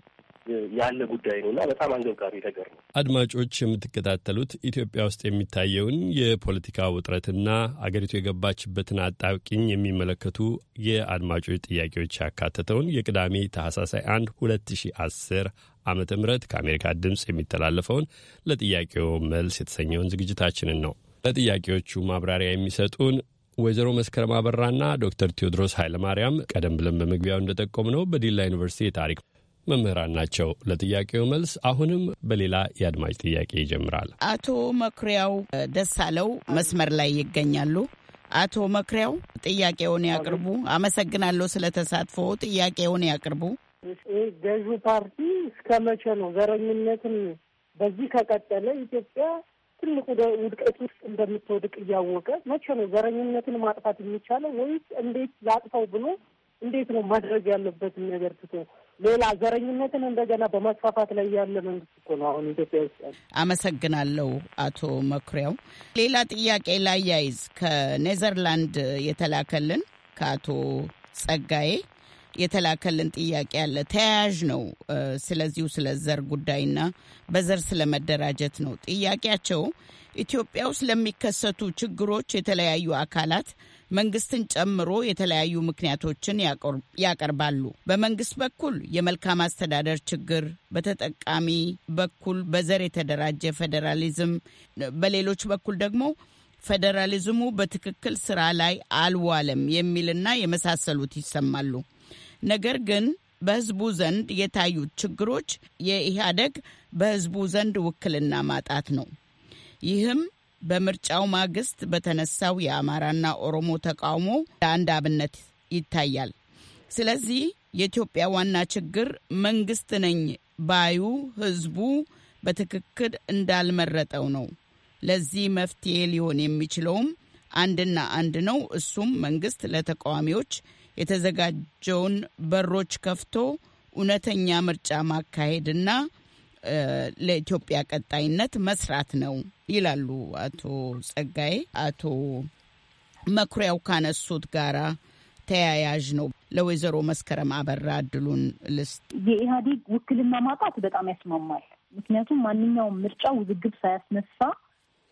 ያለ ጉዳይ ነው እና በጣም አንገብጋቢ ነገር ነው። አድማጮች የምትከታተሉት ኢትዮጵያ ውስጥ የሚታየውን የፖለቲካ ውጥረትና አገሪቱ የገባችበትን አጣብቂኝ የሚመለከቱ የአድማጮች ጥያቄዎች ያካተተውን የቅዳሜ ታህሳስ 1 2010 ዓመተ ምህረት ከአሜሪካ ድምፅ የሚተላለፈውን ለጥያቄው መልስ የተሰኘውን ዝግጅታችንን ነው። ለጥያቄዎቹ ማብራሪያ የሚሰጡን ወይዘሮ መስከረም አበራና ዶክተር ቴዎድሮስ ኃይለማርያም ቀደም ብለን በመግቢያው እንደጠቆም ነው በዲላ ዩኒቨርሲቲ የታሪክ መምህራን ናቸው። ለጥያቄው መልስ አሁንም በሌላ የአድማጭ ጥያቄ ይጀምራል። አቶ መኩሪያው ደሳለው መስመር ላይ ይገኛሉ። አቶ መኩሪያው ጥያቄውን ያቅርቡ። አመሰግናለሁ ስለ ተሳትፎ። ጥያቄውን ያቅርቡ። ገዢው ፓርቲ እስከ መቼ ነው ዘረኝነትን በዚህ ከቀጠለ ኢትዮጵያ ትልቁ ውድቀት ውስጥ እንደምትወድቅ እያወቀ መቼ ነው ዘረኝነትን ማጥፋት የሚቻለው? ወይስ እንዴት ላጥፈው ብሎ እንዴት ነው ማድረግ ያለበትን ነገር ትቶ ሌላ ዘረኝነትን እንደገና በማስፋፋት ላይ ያለ መንግስት እኮ ነው አሁን ኢትዮጵያ ውስጥ አመሰግናለሁ አቶ መኩሪያው። ሌላ ጥያቄ ላያይዝ ከኔዘርላንድ የተላከልን ከአቶ ጸጋዬ የተላከልን ጥያቄ አለ። ተያያዥ ነው። ስለዚሁ ስለ ዘር ጉዳይና በዘር ስለመደራጀት ነው ጥያቄያቸው። ኢትዮጵያ ውስጥ ለሚከሰቱ ችግሮች የተለያዩ አካላት መንግስትን ጨምሮ የተለያዩ ምክንያቶችን ያቀርባሉ። በመንግስት በኩል የመልካም አስተዳደር ችግር፣ በተጠቃሚ በኩል በዘር የተደራጀ ፌዴራሊዝም፣ በሌሎች በኩል ደግሞ ፌዴራሊዝሙ በትክክል ስራ ላይ አልዋለም የሚልና የመሳሰሉት ይሰማሉ። ነገር ግን በህዝቡ ዘንድ የታዩት ችግሮች የኢህአደግ በህዝቡ ዘንድ ውክልና ማጣት ነው። ይህም በምርጫው ማግስት በተነሳው የአማራና ኦሮሞ ተቃውሞ ለአንድ አብነት ይታያል። ስለዚህ የኢትዮጵያ ዋና ችግር መንግስት ነኝ ባዩ ህዝቡ በትክክል እንዳልመረጠው ነው። ለዚህ መፍትሄ ሊሆን የሚችለውም አንድና አንድ ነው። እሱም መንግስት ለተቃዋሚዎች የተዘጋጀውን በሮች ከፍቶ እውነተኛ ምርጫ ማካሄድና ለኢትዮጵያ ቀጣይነት መስራት ነው ይላሉ አቶ ጸጋዬ። አቶ መኩሪያው ካነሱት ጋራ ተያያዥ ነው። ለወይዘሮ መስከረም አበራ እድሉን ልስጥ። የኢህአዴግ ውክልና ማጣት በጣም ያስማማል። ምክንያቱም ማንኛውም ምርጫ ውዝግብ ሳያስነሳ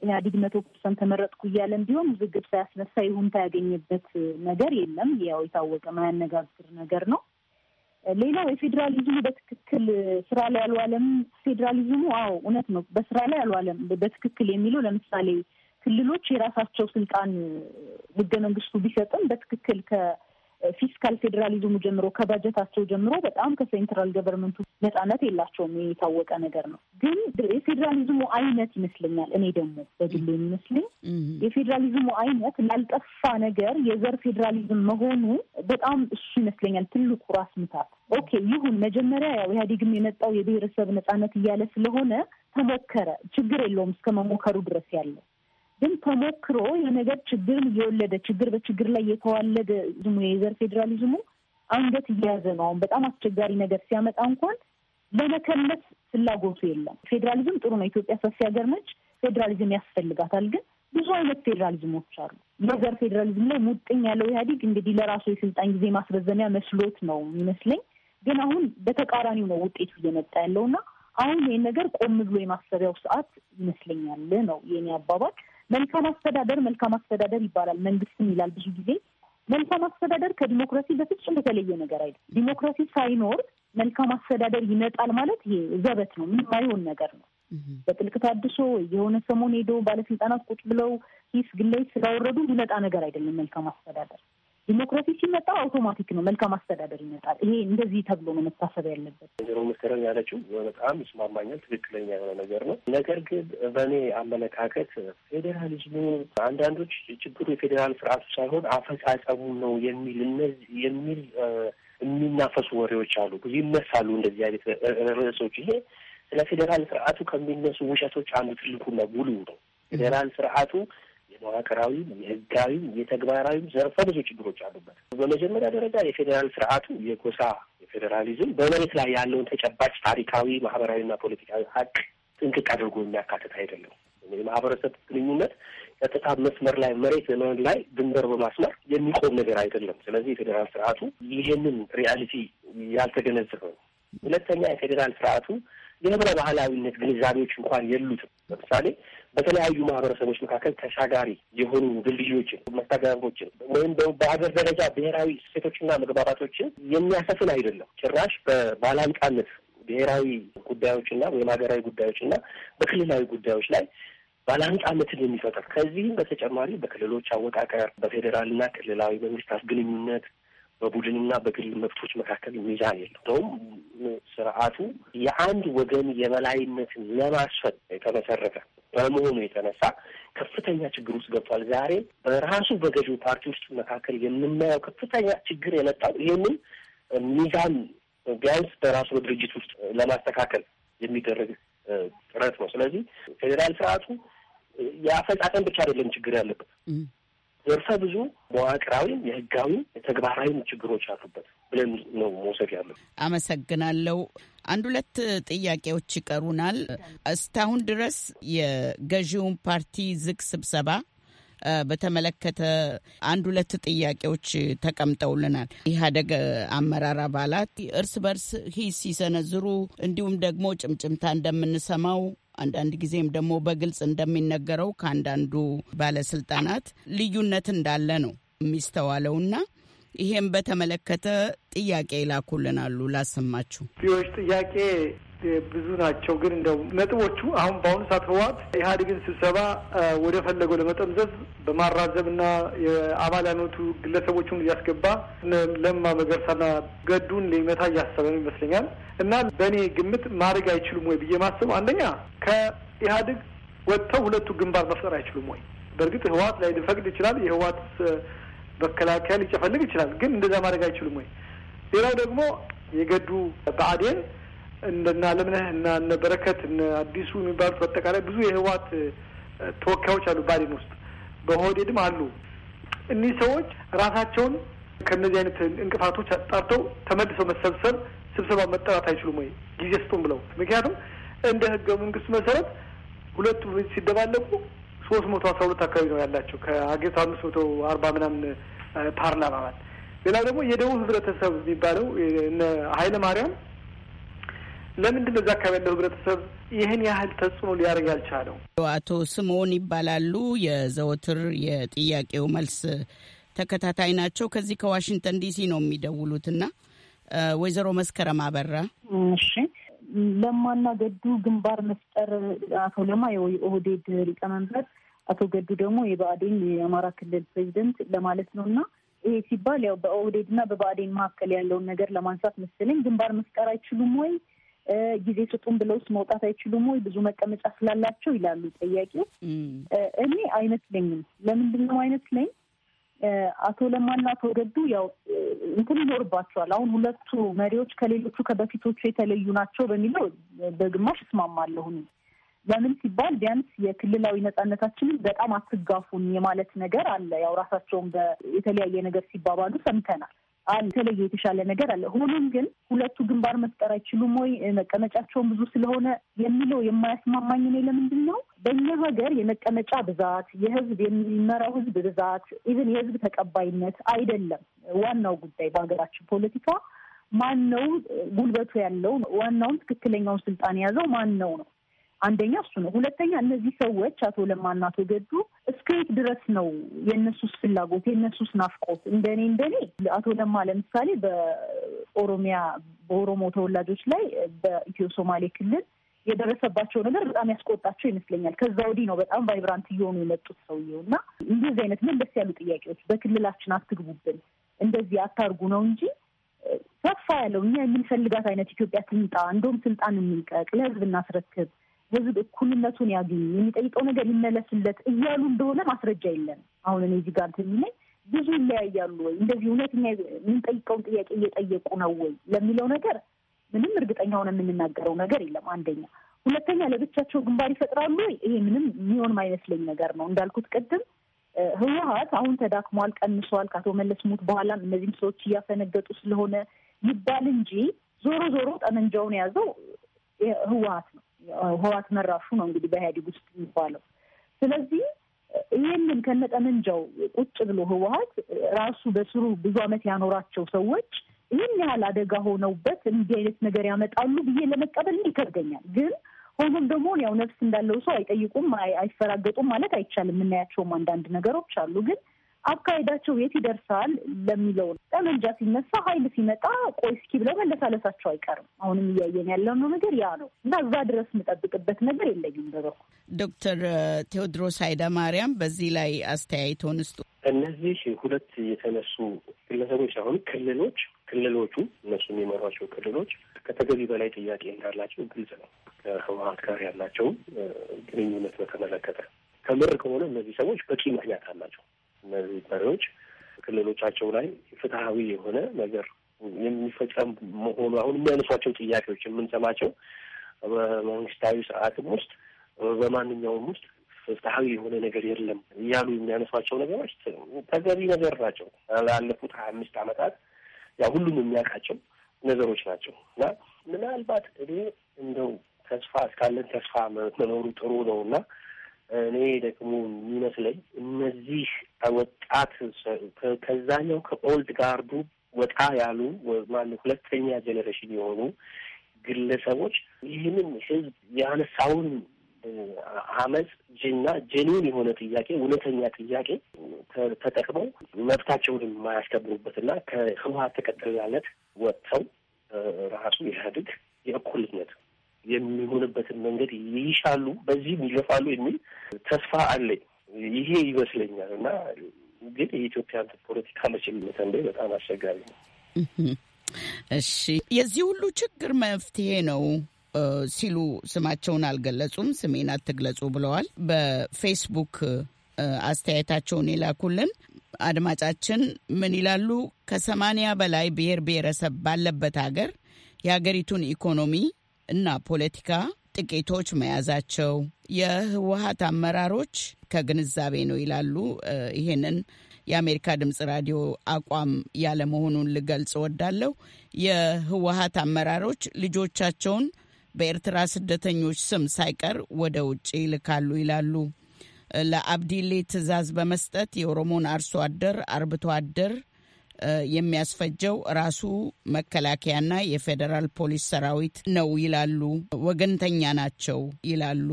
ኢህአዴግ መቶ ፐርሰንት ተመረጥኩ እያለን ቢሆን ውዝግብ ሳያስነሳ ይሁንታ ያገኘበት ነገር የለም። ያው የታወቀ ማያነጋግር ነገር ነው። ሌላው የፌዴራሊዝሙ በትክክል ስራ ላይ አልዋለም። ፌዴራሊዝሙ አዎ እውነት ነው፣ በስራ ላይ አልዋለም በትክክል የሚለው ለምሳሌ ክልሎች የራሳቸው ስልጣን ህገ መንግስቱ ቢሰጥም በትክክል ፊስካል ፌዴራሊዝሙ ጀምሮ ከባጀታቸው ጀምሮ በጣም ከሴንትራል ገቨርንመንቱ ነጻነት የላቸውም። የታወቀ ነገር ነው። ግን የፌዴራሊዝሙ አይነት ይመስለኛል እኔ ደግሞ በግሌ የሚመስለኝ የፌዴራሊዝሙ አይነት ላልጠፋ ነገር የዘር ፌዴራሊዝም መሆኑ በጣም እሱ ይመስለኛል ትልቁ ራስ ምታት። ኦኬ ይሁን መጀመሪያ ያው ኢህአዴግም የመጣው የብሔረሰብ ነጻነት እያለ ስለሆነ ተሞከረ፣ ችግር የለውም እስከ መሞከሩ ድረስ ያለው ግን ተሞክሮ የነገር ችግር እየወለደ ችግር በችግር ላይ የተዋለደ ዝሙ የዘር ፌዴራሊዝሙ አንገት እየያዘ ነው። አሁን በጣም አስቸጋሪ ነገር ሲያመጣ እንኳን ለመከለስ ፍላጎቱ የለም። ፌዴራሊዝም ጥሩ ነው። ኢትዮጵያ ሰፊ ሀገር ነች። ፌዴራሊዝም ያስፈልጋታል። ግን ብዙ አይነት ፌዴራሊዝሞች አሉ። የዘር ፌዴራሊዝም ላይ ሙጥኝ ያለው ኢህአዴግ እንግዲህ ለራሱ የስልጣን ጊዜ ማስረዘሚያ መስሎት ነው የሚመስለኝ። ግን አሁን በተቃራኒው ነው ውጤቱ እየመጣ ያለውና አሁን ይህን ነገር ቆም ብሎ የማሰቢያው ሰዓት ይመስለኛል ነው የኔ አባባል። መልካም አስተዳደር መልካም አስተዳደር ይባላል፣ መንግስትም ይላል ብዙ ጊዜ። መልካም አስተዳደር ከዲሞክራሲ በፍጹም የተለየ ነገር አይደለም። ዲሞክራሲ ሳይኖር መልካም አስተዳደር ይመጣል ማለት ይሄ ዘበት ነው፣ የማይሆን ነገር ነው። በጥልቅ ታድሶ የሆነ ሰሞን ሄዶ ባለስልጣናት ቁጭ ብለው ሂስ ግለይት ስላወረዱ ሊመጣ ነገር አይደለም መልካም አስተዳደር። ዲሞክራሲ ሲመጣ አውቶማቲክ ነው፣ መልካም አስተዳደር ይመጣል። ይሄ እንደዚህ ተብሎ ነው መታሰብ ያለበት። ወይዘሮ መስከረም ያለችው በጣም ይስማማኛል፣ ትክክለኛ የሆነ ነገር ነው። ነገር ግን በእኔ አመለካከት ፌዴራሊዝሙ አንዳንዶች ችግሩ የፌዴራል ስርዓቱ ሳይሆን አፈጻጸሙ ነው የሚል እነዚህ የሚል የሚናፈሱ ወሬዎች አሉ፣ ይነሳሉ እንደዚህ አይነት ርዕሶች። ይሄ ስለ ፌዴራል ስርዓቱ ከሚነሱ ውሸቶች አንዱ ትልቁና ጉልሁ ነው። ፌዴራል ስርዓቱ መዋቅራዊም፣ የህጋዊም፣ የተግባራዊም ዘርፈ ብዙ ችግሮች አሉበት። በመጀመሪያ ደረጃ የፌዴራል ስርዓቱ የጎሳ የፌዴራሊዝም በመሬት ላይ ያለውን ተጨባጭ ታሪካዊ፣ ማህበራዊና ፖለቲካዊ ሀቅ ጥንቅቅ አድርጎ የሚያካትት አይደለም። የማህበረሰብ ግንኙነት ቀጥታ መስመር ላይ መሬት በመሬት ላይ ድንበር በማስመር የሚቆም ነገር አይደለም። ስለዚህ የፌዴራል ስርዓቱ ይህንን ሪያሊቲ ያልተገነዘበ ነው። ሁለተኛ የፌዴራል ስርዓቱ የህብረ ባህላዊነት ግንዛቤዎች እንኳን የሉትም። ለምሳሌ በተለያዩ ማህበረሰቦች መካከል ተሻጋሪ የሆኑ ድልድዮችን፣ መስተጋብሮችን ወይም ደግሞ በሀገር ደረጃ ብሔራዊ እሴቶችና መግባባቶችን የሚያሰፍን አይደለም። ጭራሽ በባላንጣነት ብሔራዊ ጉዳዮችና ወይም ሀገራዊ ጉዳዮችና በክልላዊ ጉዳዮች ላይ ባላንጣነትን የሚፈጥር ከዚህም በተጨማሪ በክልሎች አወቃቀር፣ በፌዴራልና ክልላዊ መንግስታት ግንኙነት በቡድንና በግል መብቶች መካከል ሚዛን የለውም። ስርዓቱ የአንድ ወገን የበላይነትን ለማስፈን የተመሰረተ በመሆኑ የተነሳ ከፍተኛ ችግር ውስጥ ገብቷል። ዛሬ በራሱ በገዢው ፓርቲ ውስጥ መካከል የምናየው ከፍተኛ ችግር የመጣው ይህንን ሚዛን ቢያንስ በራሱ በድርጅት ውስጥ ለማስተካከል የሚደረግ ጥረት ነው። ስለዚህ ፌዴራል ስርዓቱ የአፈጻጸም ብቻ አይደለም ችግር ያለበት ዘርፈ ብዙ መዋቅራዊም የህጋዊም የተግባራዊም ችግሮች አሉበት ብለን ነው መውሰድ ያለ። አመሰግናለሁ። አንድ ሁለት ጥያቄዎች ይቀሩናል። እስካሁን ድረስ የገዢውን ፓርቲ ዝግ ስብሰባ በተመለከተ አንድ ሁለት ጥያቄዎች ተቀምጠውልናል። ኢህአዴግ አመራር አባላት እርስ በርስ ሂስ ሲሰነዝሩ እንዲሁም ደግሞ ጭምጭምታ እንደምንሰማው አንዳንድ ጊዜም ደግሞ በግልጽ እንደሚነገረው ከአንዳንዱ ባለስልጣናት ልዩነት እንዳለ ነው የሚስተዋለውና ይሄም በተመለከተ ጥያቄ ይላኩልናሉ። ላሰማችሁ ዎች ጥያቄ ብዙ ናቸው። ግን እንደው ነጥቦቹ አሁን በአሁኑ ሰዓት ህወሓት ኢህአዴግን ስብሰባ ወደ ፈለገው ለመጠምዘዝ በማራዘምና የአባል ያኖቱ ግለሰቦቹን እያስገባ ለማ መገርሳና ገዱን ሊመታ እያሰበ ነው ይመስለኛል። እና በእኔ ግምት ማድረግ አይችሉም ወይ ብዬ ማስበው አንደኛ ከኢህአዴግ ወጥተው ሁለቱ ግንባር መፍጠር አይችሉም ወይ? በእርግጥ ህወሓት ላይ ሊፈቅድ ይችላል። የህወሓት መከላከያ ሊጨፈልግ ይችላል። ግን እንደዛ ማድረግ አይችሉም ወይ? ሌላው ደግሞ የገዱ በአዴን እንደነ አለምነህ እና እነ በረከት እነ አዲሱ የሚባሉት በአጠቃላይ ብዙ የህወሓት ተወካዮች አሉ ባዴን ውስጥ በሆዴድም አሉ። እኒህ ሰዎች ራሳቸውን ከእነዚህ አይነት እንቅፋቶች አጣርተው ተመልሰው መሰብሰብ ስብሰባ መጠራት አይችሉም ወይ ጊዜ ስጡም ብለው ምክንያቱም እንደ ህገ መንግስቱ መሰረት ሁለቱ ሲደባለቁ ሶስት መቶ አስራ ሁለት አካባቢ ነው ያላቸው ከአገሪቱ አምስት መቶ አርባ ምናምን ፓርላማ አባል። ሌላ ደግሞ የደቡብ ህብረተሰብ የሚባለው እነ ኃይለ ማርያም ለምንድን ነው እዛ አካባቢ ያለው ህብረተሰብ ይህን ያህል ተጽዕኖ ሊያደርግ ያልቻለው? አቶ ስምዖን ይባላሉ። የዘወትር የጥያቄው መልስ ተከታታይ ናቸው። ከዚህ ከዋሽንግተን ዲሲ ነው የሚደውሉትና ወይዘሮ መስከረም አበራ እሺ ለማና ገዱ ግንባር መፍጠር አቶ ለማ የኦህዴድ ሊቀመንበር አቶ ገዱ ደግሞ የብአዴን የአማራ ክልል ፕሬዚደንት ለማለት ነው እና ይሄ ሲባል ያው በኦህዴድ እና በብአዴን መካከል ያለውን ነገር ለማንሳት መሰለኝ ግንባር መፍጠር አይችሉም ወይ ጊዜ ስጡን ብለውስ መውጣት አይችሉም ወይ? ብዙ መቀመጫ ስላላቸው ይላሉ ጠያቂው። እኔ አይመስለኝም። ለምንድን ነው አይመስለኝ? አቶ ለማና አቶ ገዱ ያው እንትን ይኖርባቸዋል። አሁን ሁለቱ መሪዎች ከሌሎቹ ከበፊቶቹ የተለዩ ናቸው በሚለው በግማሽ እስማማለሁኝ። ለምን ሲባል ቢያንስ የክልላዊ ነጻነታችንን በጣም አትጋፉን የማለት ነገር አለ። ያው ራሳቸውን የተለያየ ነገር ሲባባሉ ሰምተናል። አለ የተለየ የተሻለ ነገር አለ። ሆኖም ግን ሁለቱ ግንባር መፍጠር አይችሉም ወይ መቀመጫቸውን ብዙ ስለሆነ የሚለው የማያስማማኝ እኔ ለምንድን ነው በእኛ ሀገር የመቀመጫ ብዛት፣ የህዝብ የሚመራው ህዝብ ብዛት፣ ኢቨን የህዝብ ተቀባይነት አይደለም ዋናው ጉዳይ በሀገራችን ፖለቲካ ማን ነው ጉልበቱ ያለው ዋናውን ትክክለኛውን ስልጣን የያዘው ማን ነው ነው አንደኛ እሱ ነው። ሁለተኛ እነዚህ ሰዎች አቶ ለማና አቶ ገዱ እስከየት ድረስ ነው የእነሱስ ፍላጎት የእነሱስ ናፍቆት? እንደኔ እንደኔ አቶ ለማ ለምሳሌ በኦሮሚያ በኦሮሞ ተወላጆች ላይ በኢትዮ ሶማሌ ክልል የደረሰባቸው ነገር በጣም ያስቆጣቸው ይመስለኛል። ከዛ ወዲህ ነው በጣም ቫይብራንት እየሆኑ የመጡት ሰውየው እና እንደዚህ አይነት መለስ ያሉ ጥያቄዎች በክልላችን አትግቡብን፣ እንደዚህ አታርጉ ነው እንጂ ሰፋ ያለው እኛ የምንፈልጋት አይነት ኢትዮጵያ ትምጣ፣ እንደውም ስልጣን እንልቀቅ፣ ለህዝብ እናስረክብ ህዝብ እኩልነቱን ያገኝ፣ የሚጠይቀው ነገር ይመለስለት እያሉ እንደሆነ ማስረጃ የለን። አሁን እኔ እዚህ ጋር የሚለኝ ብዙ ይለያያሉ ወይ እንደዚህ እውነት የምንጠይቀውን ጥያቄ እየጠየቁ ነው ወይ ለሚለው ነገር ምንም እርግጠኛ ሆነ የምንናገረው ነገር የለም። አንደኛ ሁለተኛ ለብቻቸው ግንባር ይፈጥራሉ ወይ? ይሄ ምንም የሚሆን አይመስለኝ ነገር ነው። እንዳልኩት ቅድም ህወሀት አሁን ተዳክሟል፣ ቀንሷል። ከአቶ መለስ ሞት በኋላም እነዚህም ሰዎች እያፈነገጡ ስለሆነ ይባል እንጂ ዞሮ ዞሮ ጠመንጃውን የያዘው ህወሀት ነው። ህዋት መራሹ ነው እንግዲህ በኢህአዴግ ውስጥ የሚባለው። ስለዚህ ይህንን ከነጠመንጃው ቁጭ ብሎ ህወሀት ራሱ በስሩ ብዙ አመት ያኖራቸው ሰዎች ይህን ያህል አደጋ ሆነውበት እንዲህ አይነት ነገር ያመጣሉ ብዬ ለመቀበል ይከብደኛል። ግን ሆኖም ደግሞ ያው ነፍስ እንዳለው ሰው አይጠይቁም፣ አይፈራገጡም ማለት አይቻልም። የምናያቸውም አንዳንድ ነገሮች አሉ ግን አካሄዳቸው የት ይደርሳል ለሚለው ጠመንጃ ሲነሳ ኃይል ሲመጣ ቆይ እስኪ ብለው መለሳለሳቸው አይቀርም። አሁንም እያየን ነው ነገር ያ ነው እና እዛ ድረስ የምጠብቅበት ነገር የለኝም። በበኩ ዶክተር ቴዎድሮስ ኃይለ ማርያም በዚህ ላይ አስተያየቶን ስጡ። እነዚህ ሁለት የተነሱ ግለሰቦች አሁን ክልሎች ክልሎቹ እነሱ የሚመሯቸው ክልሎች ከተገቢ በላይ ጥያቄ እንዳላቸው ግልጽ ነው። ከህወሀት ጋር ያላቸውን ግንኙነት በተመለከተ ከምር ከሆነ እነዚህ ሰዎች በቂ ምክንያት አላቸው። እነዚህ መሪዎች ክልሎቻቸው ላይ ፍትሀዊ የሆነ ነገር የሚፈጸም መሆኑ አሁን የሚያነሷቸው ጥያቄዎች የምንሰማቸው በመንግስታዊ ስርዓትም ውስጥ በማንኛውም ውስጥ ፍትሀዊ የሆነ ነገር የለም እያሉ የሚያነሷቸው ነገሮች ተገቢ ነገር ናቸው። ላለፉት ሀያ አምስት ዓመታት ያ ሁሉም የሚያውቃቸው ነገሮች ናቸው እና ምናልባት እኔ እንደው ተስፋ እስካለን ተስፋ መኖሩ ጥሩ ነው እና እኔ ደግሞ የሚመስለኝ እነዚህ ወጣት ከዛኛው ከኦልድ ጋርዱ ወጣ ያሉ ማነው ሁለተኛ ጀኔሬሽን የሆኑ ግለሰቦች ይህንን ህዝብ ያነሳውን አመፅ እና ጀኒን የሆነ ጥያቄ እውነተኛ ጥያቄ ተጠቅመው መብታቸውን የማያስከብሩበትና ከህወሀት ተቀጣሪነት ወጥተው ራሱ ኢህአዴግ የእኩልነት የሚሆንበትን መንገድ ይሻሉ፣ በዚህም ይገፋሉ የሚል ተስፋ አለኝ። ይሄ ይመስለኛል እና ግን የኢትዮጵያ ፖለቲካ መቼም መተንበይ በጣም አስቸጋሪ ነው። እሺ የዚህ ሁሉ ችግር መፍትሄ ነው ሲሉ ስማቸውን አልገለጹም፣ ስሜን አትግለጹ ብለዋል። በፌስቡክ አስተያየታቸውን የላኩልን አድማጫችን ምን ይላሉ? ከሰማንያ በላይ ብሔር ብሔረሰብ ባለበት ሀገር የሀገሪቱን ኢኮኖሚ እና ፖለቲካ ጥቂቶች መያዛቸው የህወሀት አመራሮች ከግንዛቤ ነው ይላሉ። ይሄንን የአሜሪካ ድምጽ ራዲዮ አቋም ያለመሆኑን ልገልጽ እወዳለሁ። የህወሀት አመራሮች ልጆቻቸውን በኤርትራ ስደተኞች ስም ሳይቀር ወደ ውጭ ይልካሉ ይላሉ። ለአብዲሌ ትዕዛዝ በመስጠት የኦሮሞን አርሶ አደር፣ አርብቶ አደር የሚያስፈጀው ራሱ መከላከያና የፌዴራል ፖሊስ ሰራዊት ነው ይላሉ። ወገንተኛ ናቸው ይላሉ።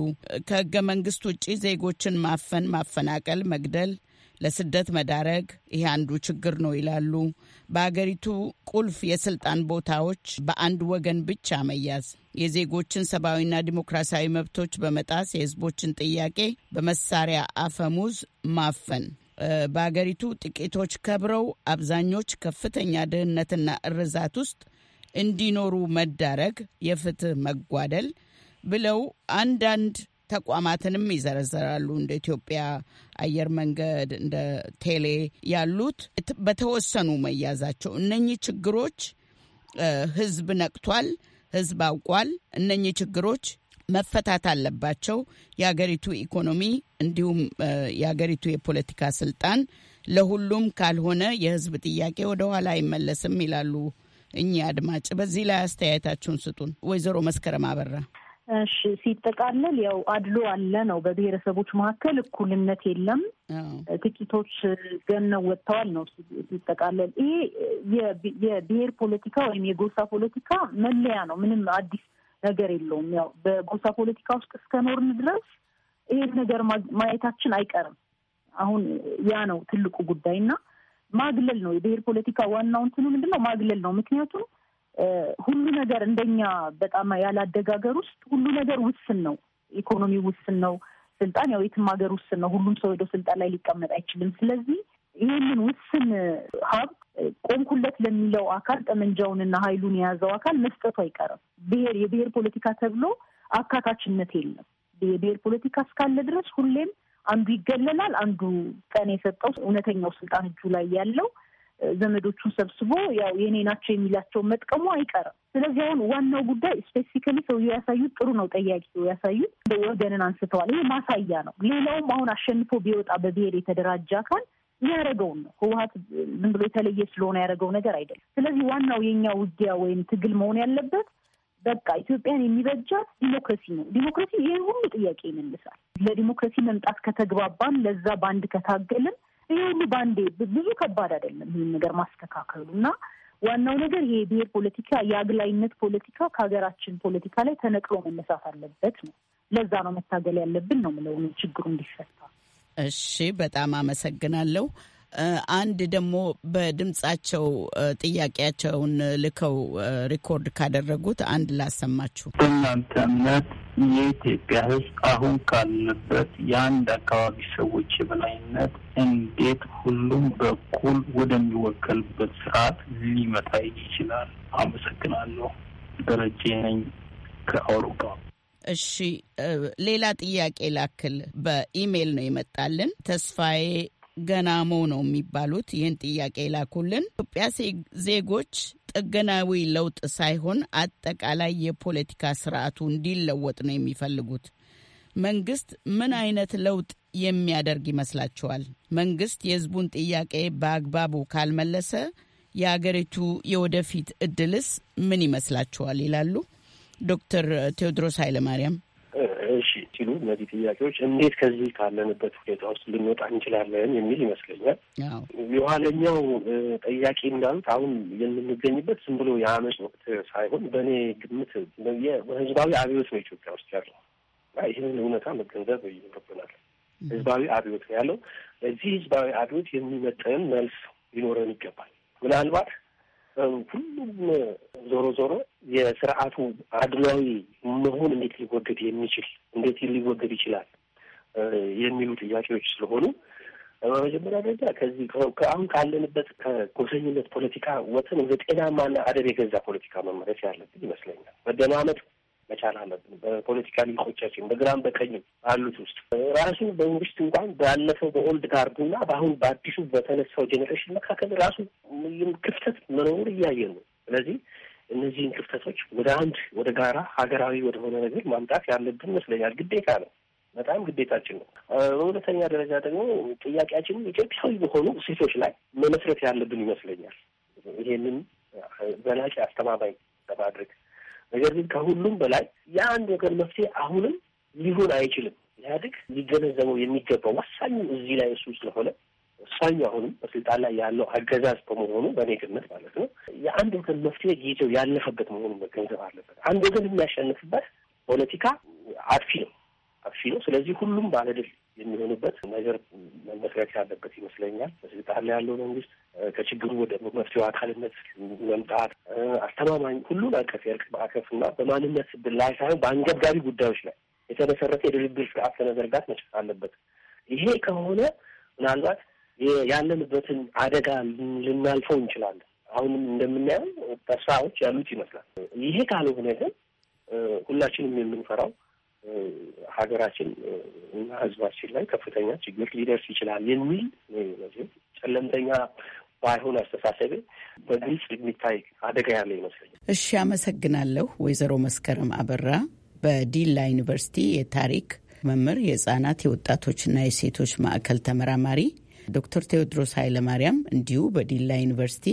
ከህገ መንግስት ውጭ ዜጎችን ማፈን፣ ማፈናቀል፣ መግደል፣ ለስደት መዳረግ ይሄ አንዱ ችግር ነው ይላሉ። በአገሪቱ ቁልፍ የስልጣን ቦታዎች በአንድ ወገን ብቻ መያዝ የዜጎችን ሰብአዊና ዲሞክራሲያዊ መብቶች በመጣስ የህዝቦችን ጥያቄ በመሳሪያ አፈሙዝ ማፈን በአገሪቱ ጥቂቶች ከብረው አብዛኞች ከፍተኛ ድህነትና እርዛት ውስጥ እንዲኖሩ መዳረግ የፍትህ መጓደል ብለው አንዳንድ ተቋማትንም ይዘረዘራሉ። እንደ ኢትዮጵያ አየር መንገድ፣ እንደ ቴሌ ያሉት በተወሰኑ መያዛቸው እነኚህ ችግሮች ህዝብ ነቅቷል፣ ህዝብ አውቋል። እነኚህ ችግሮች መፈታት አለባቸው። የአገሪቱ ኢኮኖሚ እንዲሁም የአገሪቱ የፖለቲካ ስልጣን ለሁሉም ካልሆነ የህዝብ ጥያቄ ወደ ኋላ አይመለስም ይላሉ እኚህ አድማጭ። በዚህ ላይ አስተያየታችሁን ስጡን። ወይዘሮ መስከረም አበራ። እሺ፣ ሲጠቃለል ያው አድሎ አለ ነው። በብሔረሰቦች መካከል እኩልነት የለም፣ ጥቂቶች ገነው ወጥተዋል ነው ሲጠቃለል። ይሄ የብሔር ፖለቲካ ወይም የጎሳ ፖለቲካ መለያ ነው፣ ምንም አዲስ ነገር የለውም። ያው በጎሳ ፖለቲካ ውስጥ እስከኖርን ድረስ ይሄን ነገር ማየታችን አይቀርም። አሁን ያ ነው ትልቁ ጉዳይ እና ማግለል ነው የብሔር ፖለቲካ ዋናው እንትኑ ምንድን ነው? ማግለል ነው። ምክንያቱም ሁሉ ነገር እንደኛ በጣም ያላደጋገር ውስጥ ሁሉ ነገር ውስን ነው። ኢኮኖሚ ውስን ነው። ስልጣን ያው የትም ሀገር ውስን ነው። ሁሉም ሰው ሄዶ ስልጣን ላይ ሊቀመጥ አይችልም። ስለዚህ ይህንን ውስን ሀብት ቆምኩለት ለሚለው አካል ጠመንጃውንና ኃይሉን የያዘው አካል መስጠቱ አይቀርም። ብሔር የብሔር ፖለቲካ ተብሎ አካታችነት የለም። የብሔር ፖለቲካ እስካለ ድረስ ሁሌም አንዱ ይገለላል። አንዱ ቀን የሰጠው እውነተኛው ስልጣን እጁ ላይ ያለው ዘመዶቹን ሰብስቦ ያው የኔ ናቸው የሚላቸውን መጥቀሙ አይቀርም። ስለዚህ አሁን ዋናው ጉዳይ ስፔሲፊካሊ ሰው ያሳዩት ጥሩ ነው። ጠያቂው ያሳዩት ወገንን አንስተዋል። ይሄ ማሳያ ነው። ሌላውም አሁን አሸንፎ ቢወጣ በብሔር የተደራጀ አካል ያደረገውን ነው። ህወሀት ዝም ብሎ የተለየ ስለሆነ ያደረገው ነገር አይደለም። ስለዚህ ዋናው የኛ ውጊያ ወይም ትግል መሆን ያለበት በቃ ኢትዮጵያን የሚበጃት ዲሞክራሲ ነው። ዲሞክራሲ ይህ ሁሉ ጥያቄ ይመልሳል። ለዲሞክራሲ መምጣት ከተግባባን፣ ለዛ በአንድ ከታገልን ይህ ሁሉ በአንዴ ብዙ ከባድ አይደለም። ይህን ነገር ማስተካከሉ እና ዋናው ነገር ይሄ ብሔር ፖለቲካ፣ የአግላይነት ፖለቲካ ከሀገራችን ፖለቲካ ላይ ተነቅሎ መነሳት አለበት ነው። ለዛ ነው መታገል ያለብን ነው የምለው ችግሩ እንዲፈታ እሺ፣ በጣም አመሰግናለሁ። አንድ ደግሞ በድምጻቸው ጥያቄያቸውን ልከው ሪኮርድ ካደረጉት አንድ ላሰማችሁ። በእናንተ እምነት የኢትዮጵያ ሕዝብ አሁን ካለበት የአንድ አካባቢ ሰዎች የበላይነት እንዴት ሁሉም በኩል ወደሚወከልበት ስርዓት ሊመጣ ይችላል? አመሰግናለሁ። ደረጀ ነኝ ከአውሮፓ እሺ ሌላ ጥያቄ ላክል። በኢሜይል ነው የመጣልን። ተስፋዬ ገናሞ ነው የሚባሉት ይህን ጥያቄ ላኩልን። ኢትዮጵያ ዜጎች ጥገናዊ ለውጥ ሳይሆን አጠቃላይ የፖለቲካ ስርዓቱ እንዲለወጥ ነው የሚፈልጉት። መንግስት ምን አይነት ለውጥ የሚያደርግ ይመስላችኋል? መንግስት የህዝቡን ጥያቄ በአግባቡ ካልመለሰ የአገሪቱ የወደፊት እድልስ ምን ይመስላችኋል? ይላሉ ዶክተር ቴዎድሮስ ኃይለማርያም እሺ ሲሉ እነዚህ ጥያቄዎች እንዴት ከዚህ ካለንበት ሁኔታ ውስጥ ልንወጣ እንችላለን የሚል ይመስለኛል። የኋለኛው ጥያቄ እንዳሉት አሁን የምንገኝበት ዝም ብሎ የአመፅ ወቅት ሳይሆን በእኔ ግምት ህዝባዊ አብዮት ነው ኢትዮጵያ ውስጥ ያለው ይህንን እውነታ መገንዘብ ይኖርብናል። ህዝባዊ አብዮት ነው ያለው። ለዚህ ህዝባዊ አብዮት የሚመጠን መልስ ሊኖረን ይገባል። ምናልባት ሁሉም ዞሮ ዞሮ የስርዓቱ አድሏዊ መሆን እንዴት ሊወገድ የሚችል እንዴት ሊወገድ ይችላል የሚሉ ጥያቄዎች ስለሆኑ በመጀመሪያ ደረጃ ከዚህ አሁን ካለንበት ከጎሰኝነት ፖለቲካ ወጥተን ወደ ጤናማና አደብ የገዛ ፖለቲካ መመረት ያለብን ይመስለኛል። መደማመጥ መቻል አለብን። በፖለቲካ ሊቆቻችን በግራም በቀኝም ባሉት ውስጥ ራሱ በመንግስት እንኳን ባለፈው በኦልድ ጋርዱና በአሁን በአዲሱ በተነሳው ጄኔሬሽን መካከል ራሱ ክፍተት መኖሩን እያየን ነው። ስለዚህ እነዚህን ክፍተቶች ወደ አንድ ወደ ጋራ ሀገራዊ ወደሆነ ነገር ማምጣት ያለብን ይመስለኛል። ግዴታ ነው። በጣም ግዴታችን ነው። በሁለተኛ ደረጃ ደግሞ ጥያቄያችን ኢትዮጵያዊ በሆኑ እሴቶች ላይ መመስረት ያለብን ይመስለኛል። ይሄንን ዘላቂ አስተማማኝ ለማድረግ ነገር ግን ከሁሉም በላይ የአንድ ወገን መፍትሄ አሁንም ሊሆን አይችልም። ኢህአዴግ ሊገነዘበው የሚገባው ወሳኙ እዚህ ላይ እሱ ስለሆነ ወሳኙ አሁንም በስልጣን ላይ ያለው አገዛዝ በመሆኑ በእኔ ግምት ማለት ነው የአንድ ወገን መፍትሄ ጊዜው ያለፈበት መሆኑ መገንዘብ አለበት። አንድ ወገን የሚያሸንፍበት ፖለቲካ አጥፊ ነው አጥፊ ነው። ስለዚህ ሁሉም ባለድል የሚሆኑበት ነገር መመስረት ያለበት ይመስለኛል። በስልጣን ላይ ያለው መንግስት ከችግሩ ወደ መፍትሄው አካልነት መምጣት አስተማማኝ ሁሉን አቀፍ የእርቅ ማዕቀፍ እና በማንነት ስብል ላይ ሳይሆን በአንገብጋቢ ጉዳዮች ላይ የተመሰረተ የድርድር ስርዓት ለመዘርጋት መቻል አለበት። ይሄ ከሆነ ምናልባት ያለንበትን አደጋ ልናልፈው እንችላለን። አሁንም እንደምናየው ተስፋዎች ያሉት ይመስላል። ይሄ ካልሆነ ግን ሁላችንም የምንፈራው ሀገራችን እና ሕዝባችን ላይ ከፍተኛ ችግር ሊደርስ ይችላል የሚል ጨለምተኛ ባይሆን አስተሳሰቤ በግልጽ የሚታይ አደጋ ያለ ይመስለኛል። እሺ፣ አመሰግናለሁ። ወይዘሮ መስከረም አበራ በዲላ ዩኒቨርሲቲ የታሪክ መምህር፣ የህጻናት የወጣቶችና የሴቶች ማዕከል ተመራማሪ ዶክተር ቴዎድሮስ ኃይለማርያም እንዲሁ በዲላ ዩኒቨርሲቲ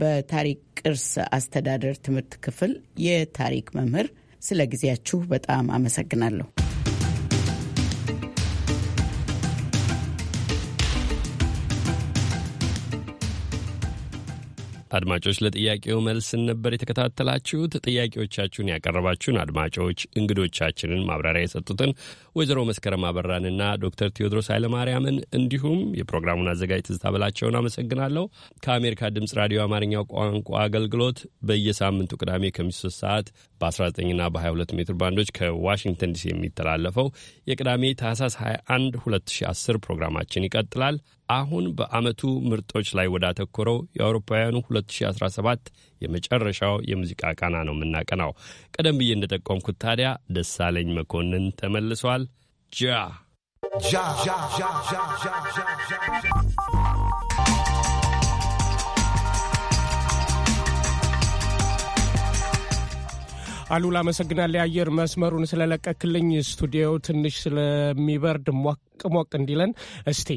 በታሪክ ቅርስ አስተዳደር ትምህርት ክፍል የታሪክ መምህር፣ ስለ ጊዜያችሁ በጣም አመሰግናለሁ። አድማጮች ለጥያቄው መልስን ነበር የተከታተላችሁት። ጥያቄዎቻችሁን ያቀረባችሁን አድማጮች፣ እንግዶቻችንን ማብራሪያ የሰጡትን ወይዘሮ መስከረም አበራንና ዶክተር ቴዎድሮስ ኃይለማርያምን እንዲሁም የፕሮግራሙን አዘጋጅ ትዝታ በላቸውን አመሰግናለሁ። ከአሜሪካ ድምፅ ራዲዮ አማርኛው ቋንቋ አገልግሎት በየሳምንቱ ቅዳሜ ከምሽቱ ሶስት ሰዓት በ19ና በ22 ሜትር ባንዶች ከዋሽንግተን ዲሲ የሚተላለፈው የቅዳሜ ታህሳስ 21 2010 ፕሮግራማችን ይቀጥላል። አሁን በዓመቱ ምርጦች ላይ ወዳተኮረው የአውሮፓውያኑ 2017 የመጨረሻው የሙዚቃ ቃና ነው የምናቀናው። ቀደም ብዬ እንደጠቆምኩት ታዲያ ደሳለኝ መኮንን ተመልሷል። ጃ ጃ ጃ ጃ ጃ ጃ አሉላ አመሰግናለሁ። የአየር መስመሩን ስለለቀክልኝ ስቱዲዮው ትንሽ ስለሚበርድ ሞቅ ሞቅ እንዲለን እስቲ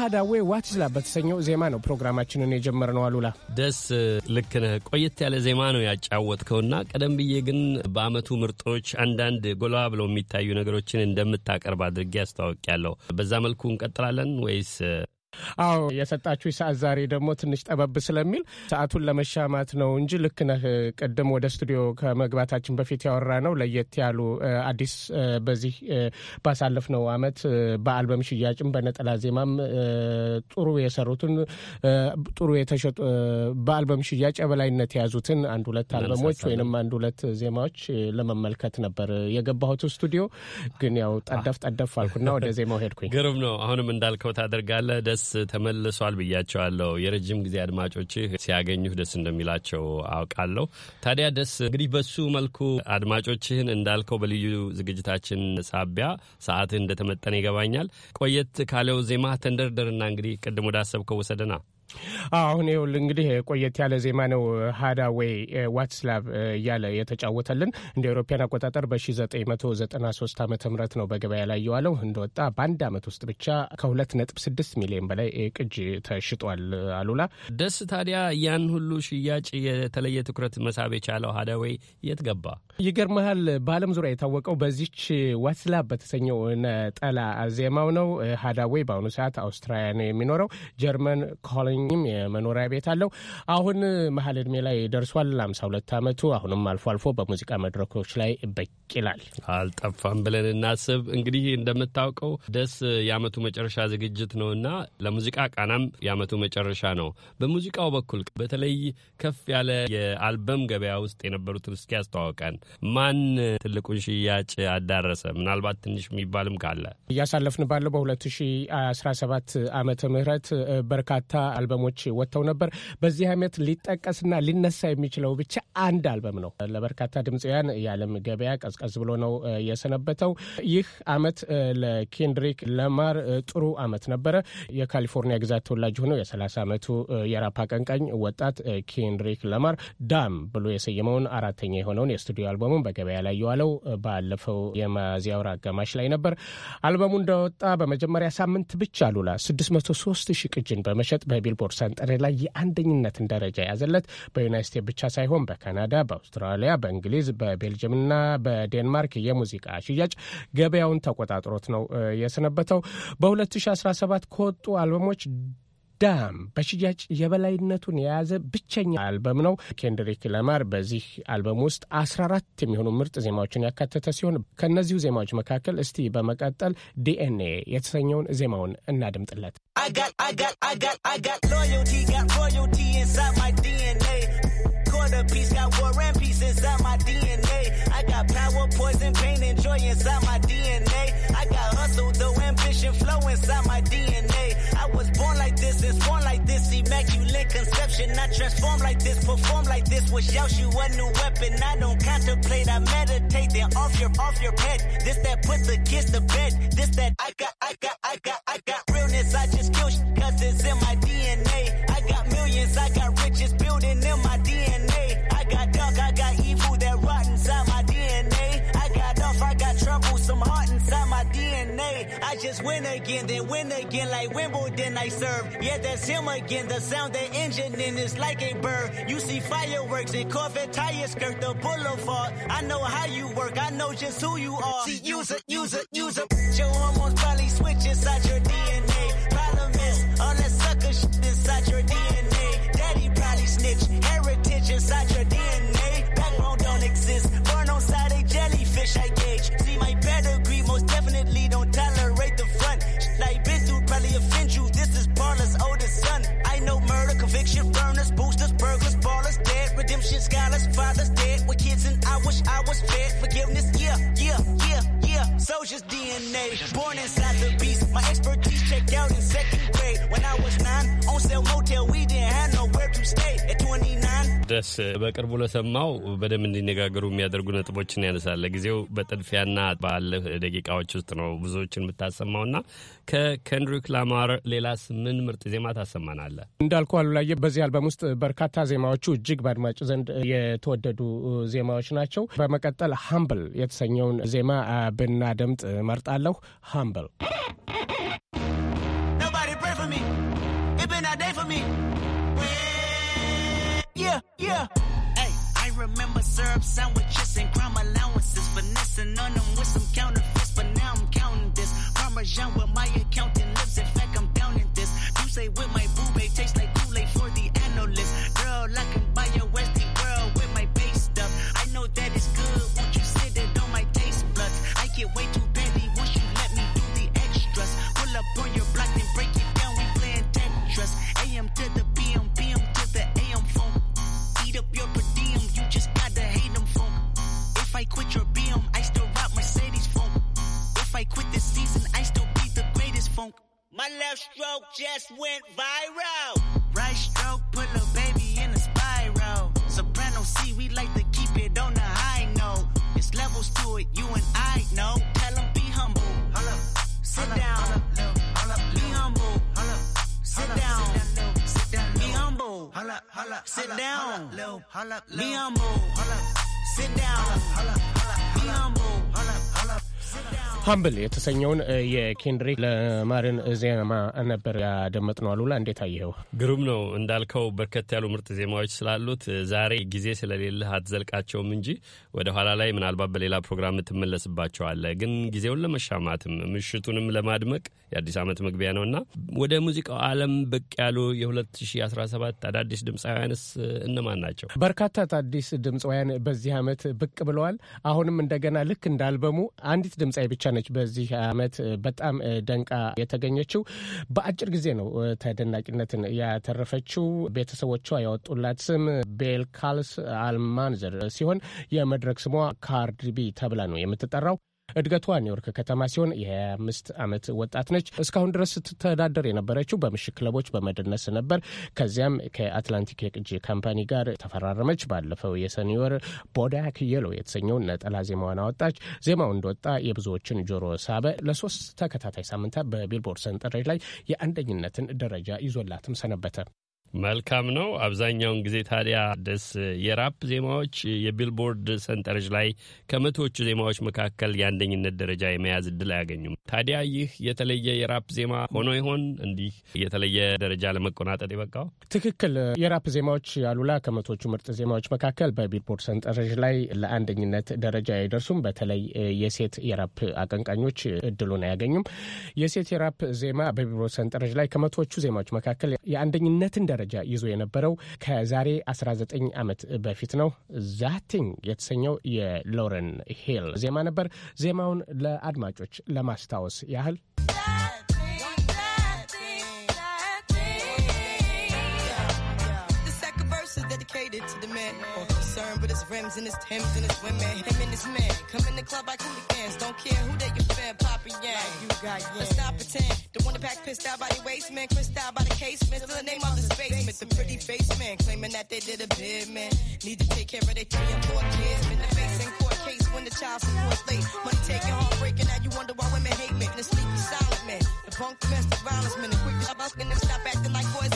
ሃዳዌ ዋትስ ላቭ በተሰኘው ዜማ ነው ፕሮግራማችንን የጀመርነው። አሉላ ደስ ልክ ነህ። ቆየት ያለ ዜማ ነው ያጫወትከውና ቀደም ብዬ ግን በአመቱ ምርጦች አንዳንድ ጎላ ብለው የሚታዩ ነገሮችን እንደምታቀርብ አድርጌ አስተዋወቅ ያለው በዛ መልኩ እንቀጥላለን ወይስ አዎ የሰጣችሁ ሰዓት ዛሬ ደግሞ ትንሽ ጠበብ ስለሚል ሰዓቱን ለመሻማት ነው እንጂ ልክ ነህ። ቅድም ወደ ስቱዲዮ ከመግባታችን በፊት ያወራ ነው ለየት ያሉ አዲስ በዚህ ባሳለፍነው አመት በአልበም ሽያጭም በነጠላ ዜማም ጥሩ የሰሩትን ጥሩ የተሸጡ በአልበም ሽያጭ የበላይነት የያዙትን አንድ ሁለት አልበሞች ወይንም አንድ ሁለት ዜማዎች ለመመልከት ነበር የገባሁት ስቱዲዮ። ግን ያው ጠደፍ ጠደፍ አልኩና ወደ ዜማው ሄድኩኝ። ግርም ነው። አሁንም እንዳልከው ታደርጋለህ። ደስ ተመልሷል ብያቸዋለሁ። የረጅም ጊዜ አድማጮችህ ሲያገኙህ ደስ እንደሚላቸው አውቃለሁ። ታዲያ ደስ እንግዲህ በሱ መልኩ አድማጮችህን እንዳልከው በልዩ ዝግጅታችን ሳቢያ ሰዓትህ እንደተመጠነ ይገባኛል። ቆየት ካለው ዜማ ተንደርደርና እንግዲህ ቅድም ወዳሰብከው ወሰደና አሁን ይኸውልህ እንግዲህ ቆየት ያለ ዜማ ነው ሃዳዌይ ዋትስላቭ እያለ የተጫወተልን እንደ አውሮፓውያን አቆጣጠር በ1993 ዓ ም ነው በገበያ ላይ የዋለው እንደወጣ በአንድ ዓመት ውስጥ ብቻ ከ2.6 ሚሊዮን በላይ ቅጅ ተሽጧል። አሉላ ደስ ታዲያ ያን ሁሉ ሽያጭ የተለየ ትኩረት መሳብ የቻለው ሃዳዌይ የት ገባ? ይገርመሃል፣ በዓለም ዙሪያ የታወቀው በዚች ዋትስላቭ በተሰኘው ነጠላ ዜማው ነው። ሃዳዌይ በአሁኑ ሰዓት አውስትራሊያ ነው የሚኖረው ጀርመን ኮሎኝ አለኝም የመኖሪያ ቤት አለው። አሁን መሀል እድሜ ላይ ደርሷል። ለአምሳ ሁለት ዓመቱ አሁንም አልፎ አልፎ በሙዚቃ መድረኮች ላይ በቅ ይላል። አልጠፋም ብለን እናስብ። እንግዲህ እንደምታውቀው ደስ የአመቱ መጨረሻ ዝግጅት ነው እና ለሙዚቃ ቃናም የአመቱ መጨረሻ ነው። በሙዚቃው በኩል በተለይ ከፍ ያለ የአልበም ገበያ ውስጥ የነበሩትን እስኪ ያስተዋውቀን። ማን ትልቁን ሽያጭ አዳረሰ? ምናልባት ትንሽ የሚባልም ካለ እያሳለፍን ባለው በ2017 ዓመተ ምህረት በርካታ አልበሞች ወጥተው ነበር። በዚህ ዓመት ሊጠቀስና ሊነሳ የሚችለው ብቻ አንድ አልበም ነው። ለበርካታ ድምፃውያን የዓለም ገበያ ቀዝቀዝ ብሎ ነው የሰነበተው። ይህ ዓመት ለኬንድሪክ ለማር ጥሩ ዓመት ነበረ። የካሊፎርኒያ ግዛት ተወላጅ ሆነው የ30 ዓመቱ የራፕ አቀንቃኝ ወጣት ኬንድሪክ ለማር ዳም ብሎ የሰየመውን አራተኛ የሆነውን የስቱዲዮ አልበሙን በገበያ ላይ የዋለው ባለፈው የሚያዝያ ወር አጋማሽ ላይ ነበር። አልበሙ እንደወጣ በመጀመሪያ ሳምንት ብቻ አሉላ 603 ሺህ ቅጅን በመሸጥ በቢል የስፖርት ሰንጠሬ ላይ የአንደኝነትን ደረጃ የያዘለት በዩናይት ስቴትስ ብቻ ሳይሆን በካናዳ፣ በአውስትራሊያ፣ በእንግሊዝ፣ በቤልጅየምና በዴንማርክ የሙዚቃ ሽያጭ ገበያውን ተቆጣጥሮት ነው የሰነበተው። በ2017 ከወጡ አልበሞች ዳም በሽያጭ የበላይነቱን የያዘ ብቸኛ አልበም ነው። ኬንድሪክ ለማር በዚህ አልበም ውስጥ 14 የሚሆኑ ምርጥ ዜማዎችን ያካተተ ሲሆን ከእነዚሁ ዜማዎች መካከል እስቲ በመቀጠል ዲኤንኤ የተሰኘውን ዜማውን እናድምጥለት። Flow inside my DNA exists. Born like this, immaculate conception. I transform like this, perform like this. Wish out you a new weapon. I don't contemplate, I meditate. Then off your, off your head. This that puts kiss to bed. This that I got, I got, I got, I got realness. I just kill cause it's in my just win again, then win again like Wimbledon I serve. Yeah, that's him again. The sound the engine in is like a bird. You see fireworks and Corvette tires skirt the boulevard. I know how you work. I know just who you are. See, use use it, it, use it. Your hormones probably switch inside your DNA. Problem is, all that sucker shit inside your DNA. Daddy probably snitch. Heritage inside your DNA. Backbone don't exist. Burn on side a jellyfish I gauge. See my. Conviction burners, boosters, burglars, ballers, dead. Redemption scholars, fathers, dead. With kids and I wish I was fed. Forgiveness, yeah, yeah, yeah, yeah. Soldier's DNA, born inside the beast. My expertise checked out in second grade. When I was nine, on sale motel, we didn't have nowhere to stay. ደስ በቅርቡ ለሰማው በደንብ እንዲነጋገሩ የሚያደርጉ ነጥቦችን ያነሳል። ለጊዜው በጥድፊያና ባለህ ደቂቃዎች ውስጥ ነው ብዙዎችን የምታሰማውና ከኬንድሪክ ላማር ሌላ ምን ምርጥ ዜማ ታሰማናለ? እንዳልኩ አሉላየ በዚህ አልበም ውስጥ በርካታ ዜማዎቹ እጅግ በአድማጭ ዘንድ የተወደዱ ዜማዎች ናቸው። በመቀጠል ሃምብል የተሰኘውን ዜማ ብናደምጥ መርጣለሁ። ሃምብል Yeah. Hey, I remember syrup sandwiches and crime allowances. Finessing on them with some counterfeits, but now I'm counting this. Parmesan with my accountant lives. In fact, My left stroke just went viral. Right stroke put a baby in a spiral. Soprano C, we like to keep it on the high note. It's levels to it, you and I know. Tell them be humble. Hold up. Sit hold down. hold up, hold up, be humble. Hold up. Sit down. Sit down. Be humble. Hold up, hold up, sit down. Be humble. Sit down. Be humble. ሀምብል የተሰኘውን የኬንድሪክ ለማርን ዜማ ነበር ያደመጥነው። አሉላ እንዴት አየኸው? ግሩም ነው እንዳልከው፣ በርከት ያሉ ምርጥ ዜማዎች ስላሉት ዛሬ ጊዜ ስለሌለህ አትዘልቃቸውም እንጂ ወደ ኋላ ላይ ምናልባት በሌላ ፕሮግራም ትመለስባቸዋለህ። ግን ጊዜውን ለመሻማትም ምሽቱንም ለማድመቅ የአዲስ ዓመት መግቢያ ነውና ወደ ሙዚቃው ዓለም ብቅ ያሉ የ2017 አዳዲስ ድምፃውያንስ እነማን ናቸው? በርካታ አዳዲስ ድምፃውያን በዚህ ዓመት ብቅ ብለዋል። አሁንም እንደገና ልክ እንዳልበሙ አንዲት ድምፃዊ ብቻ ነው ነች በዚህ አመት በጣም ደንቃ የተገኘችው። በአጭር ጊዜ ነው ተደናቂነትን ያተረፈችው። ቤተሰቦቿ ያወጡላት ስም ቤል ካልስ አልማንዘር ሲሆን የመድረክ ስሟ ካርዲቢ ተብላ ነው የምትጠራው። እድገቷ ኒውዮርክ ከተማ ሲሆን የ25 ዓመት ወጣት ነች። እስካሁን ድረስ ስትተዳደር የነበረችው በምሽት ክለቦች በመድነስ ነበር። ከዚያም ከአትላንቲክ የቅጂ ካምፓኒ ጋር ተፈራረመች። ባለፈው የሰኔ ወር ቦዳክ የሎ የተሰኘውን ነጠላ ዜማዋን አወጣች። ዜማው እንደወጣ የብዙዎችን ጆሮ ሳበ። ለሶስት ተከታታይ ሳምንታት በቢልቦርድ ሰንጠረዥ ላይ የአንደኝነትን ደረጃ ይዞላትም ሰነበተ። መልካም ነው። አብዛኛውን ጊዜ ታዲያ ደስ የራፕ ዜማዎች የቢልቦርድ ሰንጠረዥ ላይ ከመቶዎቹ ዜማዎች መካከል የአንደኝነት ደረጃ የመያዝ እድል አያገኙም። ታዲያ ይህ የተለየ የራፕ ዜማ ሆኖ ይሆን እንዲህ የተለየ ደረጃ ለመቆናጠጥ የበቃው? ትክክል። የራፕ ዜማዎች አሉላ ከመቶዎቹ ምርጥ ዜማዎች መካከል በቢልቦርድ ሰንጠረዥ ላይ ለአንደኝነት ደረጃ አይደርሱም። በተለይ የሴት የራፕ አቀንቃኞች እድሉን አያገኙም። የሴት የራፕ ዜማ በቢልቦርድ ሰንጠረዥ ላይ ከመቶዎቹ ዜማዎች መካከል የአንደኝነትን ደረጃ ይዞ የነበረው ከዛሬ 19 ዓመት በፊት ነው። ዛቲንግ የተሰኘው የሎረን ሂል ዜማ ነበር። ዜማውን ለአድማጮች ለማስታወስ ያህል to the man. but it's rims and it's Timbs and it's women. Him and his men. Come in the club like hooligans. Don't care who they offend. Poppy Yang. Like you got Yang. Let's not pretend. The one that pack pissed out by the waist, man. Pissed out by the casement. Still the name of this basement. The pretty face man. Claiming that they did a bid, man. Need to take care of their three and four kids. Been the face in court case when the child support's late. Money taking breaking. Now you wonder why women hate me. And The sleepy silent man. The punk domestic violence man. The quick job. I'm stop acting like boys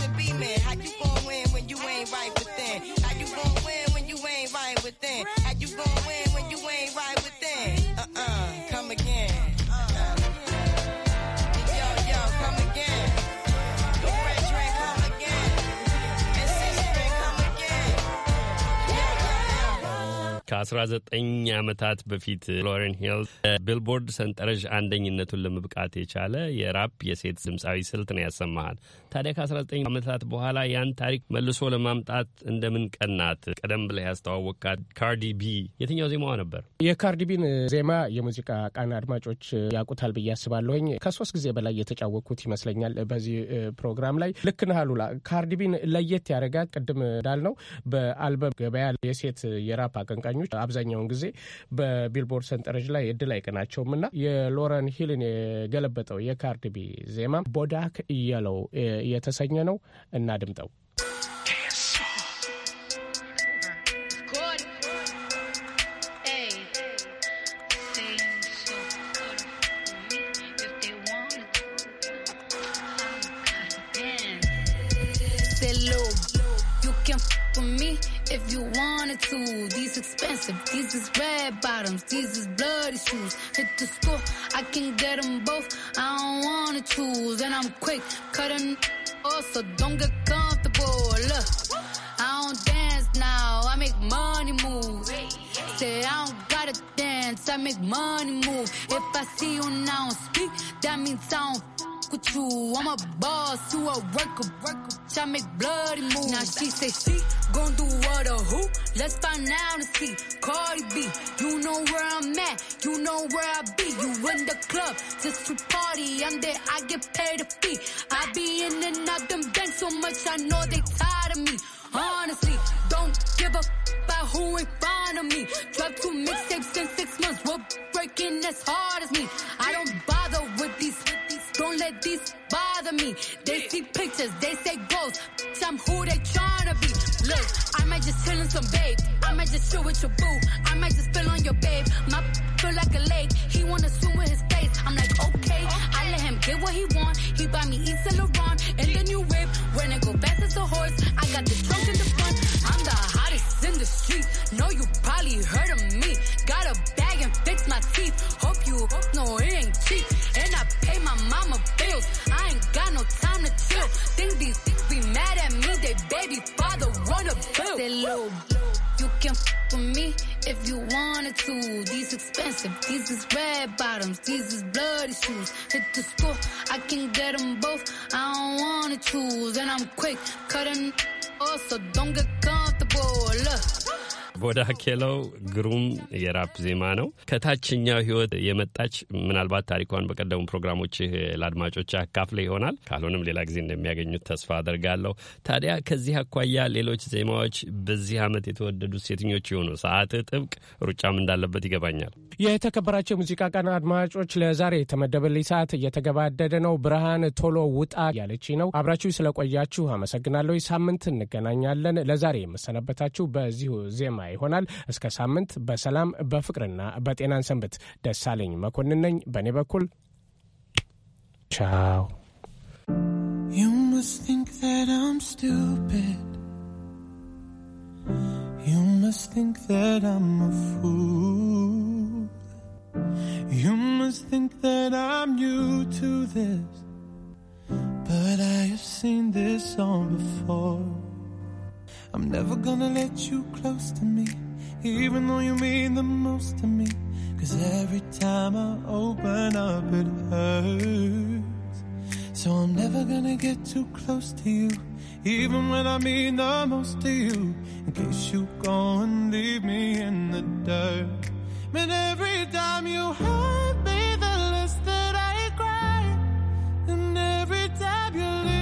ከ19 ዓመታት በፊት ሎረን ሂል ቢልቦርድ ሰንጠረዥ አንደኝነቱን ለመብቃት የቻለ የራፕ የሴት ድምፃዊ ስልት ነው ያሰማሃል። ታዲያ ከ19 ዓመታት በኋላ ያን ታሪክ መልሶ ለማምጣት እንደምን ቀናት? ቀደም ብለህ ያስተዋወቅካት ካርዲ ቢ የትኛው ዜማዋ ነበር? የካርዲቢን ዜማ የሙዚቃ ቃና አድማጮች ያውቁታል ብዬ አስባለሁኝ። ከሶስት ጊዜ በላይ የተጫወቅኩት ይመስለኛል በዚህ ፕሮግራም ላይ። ልክ ነህ አሉላ። ቢን ለየት ያደረጋት ቅድም እንዳልነው በአልበም ገበያ የሴት የራፕ አቀንቃኞች ሙዚቀኞች አብዛኛውን ጊዜ በቢልቦርድ ሰንጠረዥ ላይ እድል አይቀናቸውም እና የሎረን ሂልን የገለበጠው የካርድቢ ዜማ ቦዳክ እያለው የተሰኘ ነው። እናድምጠው። if you wanted to. These expensive, these is red bottoms, these is bloody shoes. Hit the score, I can get them both. I don't wanna choose, and I'm quick cutting off, so don't get comfortable. Look, I don't dance now, I make money move. Say I don't gotta dance, I make money move. If I see you now speak, that means I don't with you. I'm a boss, you a worker. worker. I make bloody moves. Now she say she gon' do what or who? Let's find out and see. Cardi B, you know where I'm at, you know where I be. You in the club just to party. I'm there, I get paid a fee. I be in and out them bands so much, I know they tired of me. Honestly, don't give a about who in front of me. Drop two mixtapes in six months, we're breaking as hard as me. I don't don't let these bother me. They see pictures, they say ghosts. Some who they tryna be. Look, I might just chill in some babe. I might just chill with your boo. I might just spill on your babe. My feel like a lake. He wanna swim with his face. I'm like, okay. I let him get what he want. He buy me East and Laurent and the new whip. When I go fast as a horse, I got the trunk in the front. I'm the hottest in the street. Know you probably heard of me. Got a bag and fix my teeth. Hope you hope no it ain't cheap pay my mama bills. I ain't got no time to chill. Think these things be mad at me, they baby father run a build. That little you can f with me if you wanted to. These expensive, these is red bottoms, these is bloody shoes. Hit the school, I can get them both. I don't wanna choose, and I'm quick cutting off, so don't get comfortable. Look. ጎዳ ኬለው ግሩም የራፕ ዜማ ነው። ከታችኛው ህይወት የመጣች ምናልባት ታሪኳን በቀደሙ ፕሮግራሞች ለአድማጮች አካፍለ ይሆናል። ካልሆንም ሌላ ጊዜ እንደሚያገኙት ተስፋ አድርጋለሁ። ታዲያ ከዚህ አኳያ ሌሎች ዜማዎች በዚህ ዓመት የተወደዱት ሴትኞች የሆኑ ሰዓት ጥብቅ ሩጫም እንዳለበት ይገባኛል። የተከበራቸው የሙዚቃ ቀን አድማጮች፣ ለዛሬ የተመደበልኝ ሰዓት እየተገባደደ ነው። ብርሃን ቶሎ ውጣ ያለች ነው። አብራችሁ ስለቆያችሁ አመሰግናለሁ። ሳምንት እንገናኛለን። ለዛሬ የመሰናበታችሁ በዚሁ ዜማ ይሆናል። እስከ ሳምንት በሰላም በፍቅርና በጤናን ሰንብት። ደሳለኝ መኮንን ነኝ። በእኔ በኩል ቻው። You must think that I'm stupid. You must think that I'm a fool. You must think that I'm new to this. But I have seen this song before. I'm never gonna let you close to me, even though you mean the most to me. Cause every time I open up, it hurts. So I'm never gonna get too close to you, even when I mean the most to you. In case you go and leave me in the dirt. And every time you hurt me, the less that I cry. And every time you leave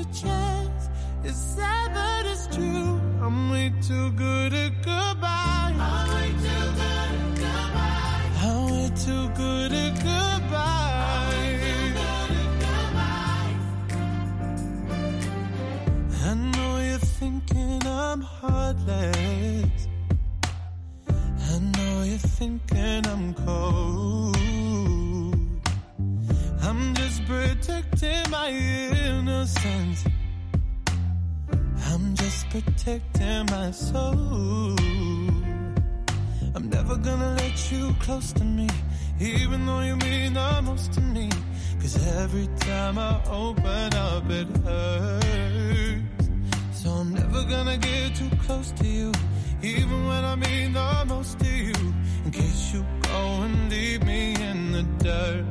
a chance. It's sad, but it's true. I'm way too good at goodbye. I'm way too good at goodbye. I'm way too good at goodbye. I know you're thinking I'm heartless. I know you're thinking I'm cold. I'm just protecting my inner innocent. I'm just protecting my soul. I'm never gonna let you close to me, even though you mean the most to me. Cause every time I open up, it hurts. So I'm never gonna get too close to you, even when I mean the most to you. In case you go and leave me in the dirt.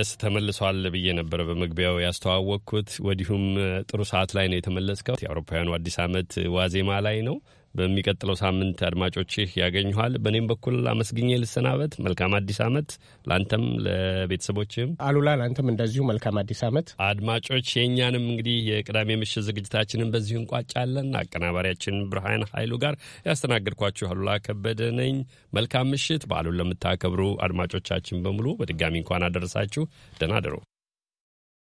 ደስ ተመልሷል ብዬ ነበረ በመግቢያው ያስተዋወቅኩት። ወዲሁም ጥሩ ሰዓት ላይ ነው የተመለስከው። የአውሮፓውያኑ አዲስ ዓመት ዋዜማ ላይ ነው። በሚቀጥለው ሳምንት አድማጮችህ ያገኘኋል። በእኔም በኩል አመስግኜ ልሰናበት። መልካም አዲስ ዓመት ለአንተም ለቤተሰቦችም። አሉላ ለአንተም እንደዚሁ መልካም አዲስ ዓመት። አድማጮች የእኛንም እንግዲህ የቅዳሜ ምሽት ዝግጅታችንን በዚሁ እንቋጫለን። አቀናባሪያችን ብርሃን ኃይሉ ጋር ያስተናገድኳችሁ አሉላ ከበደ ነኝ። መልካም ምሽት። በዓሉን ለምታከብሩ አድማጮቻችን በሙሉ በድጋሚ እንኳን አደረሳችሁ። ደህና አደሩ።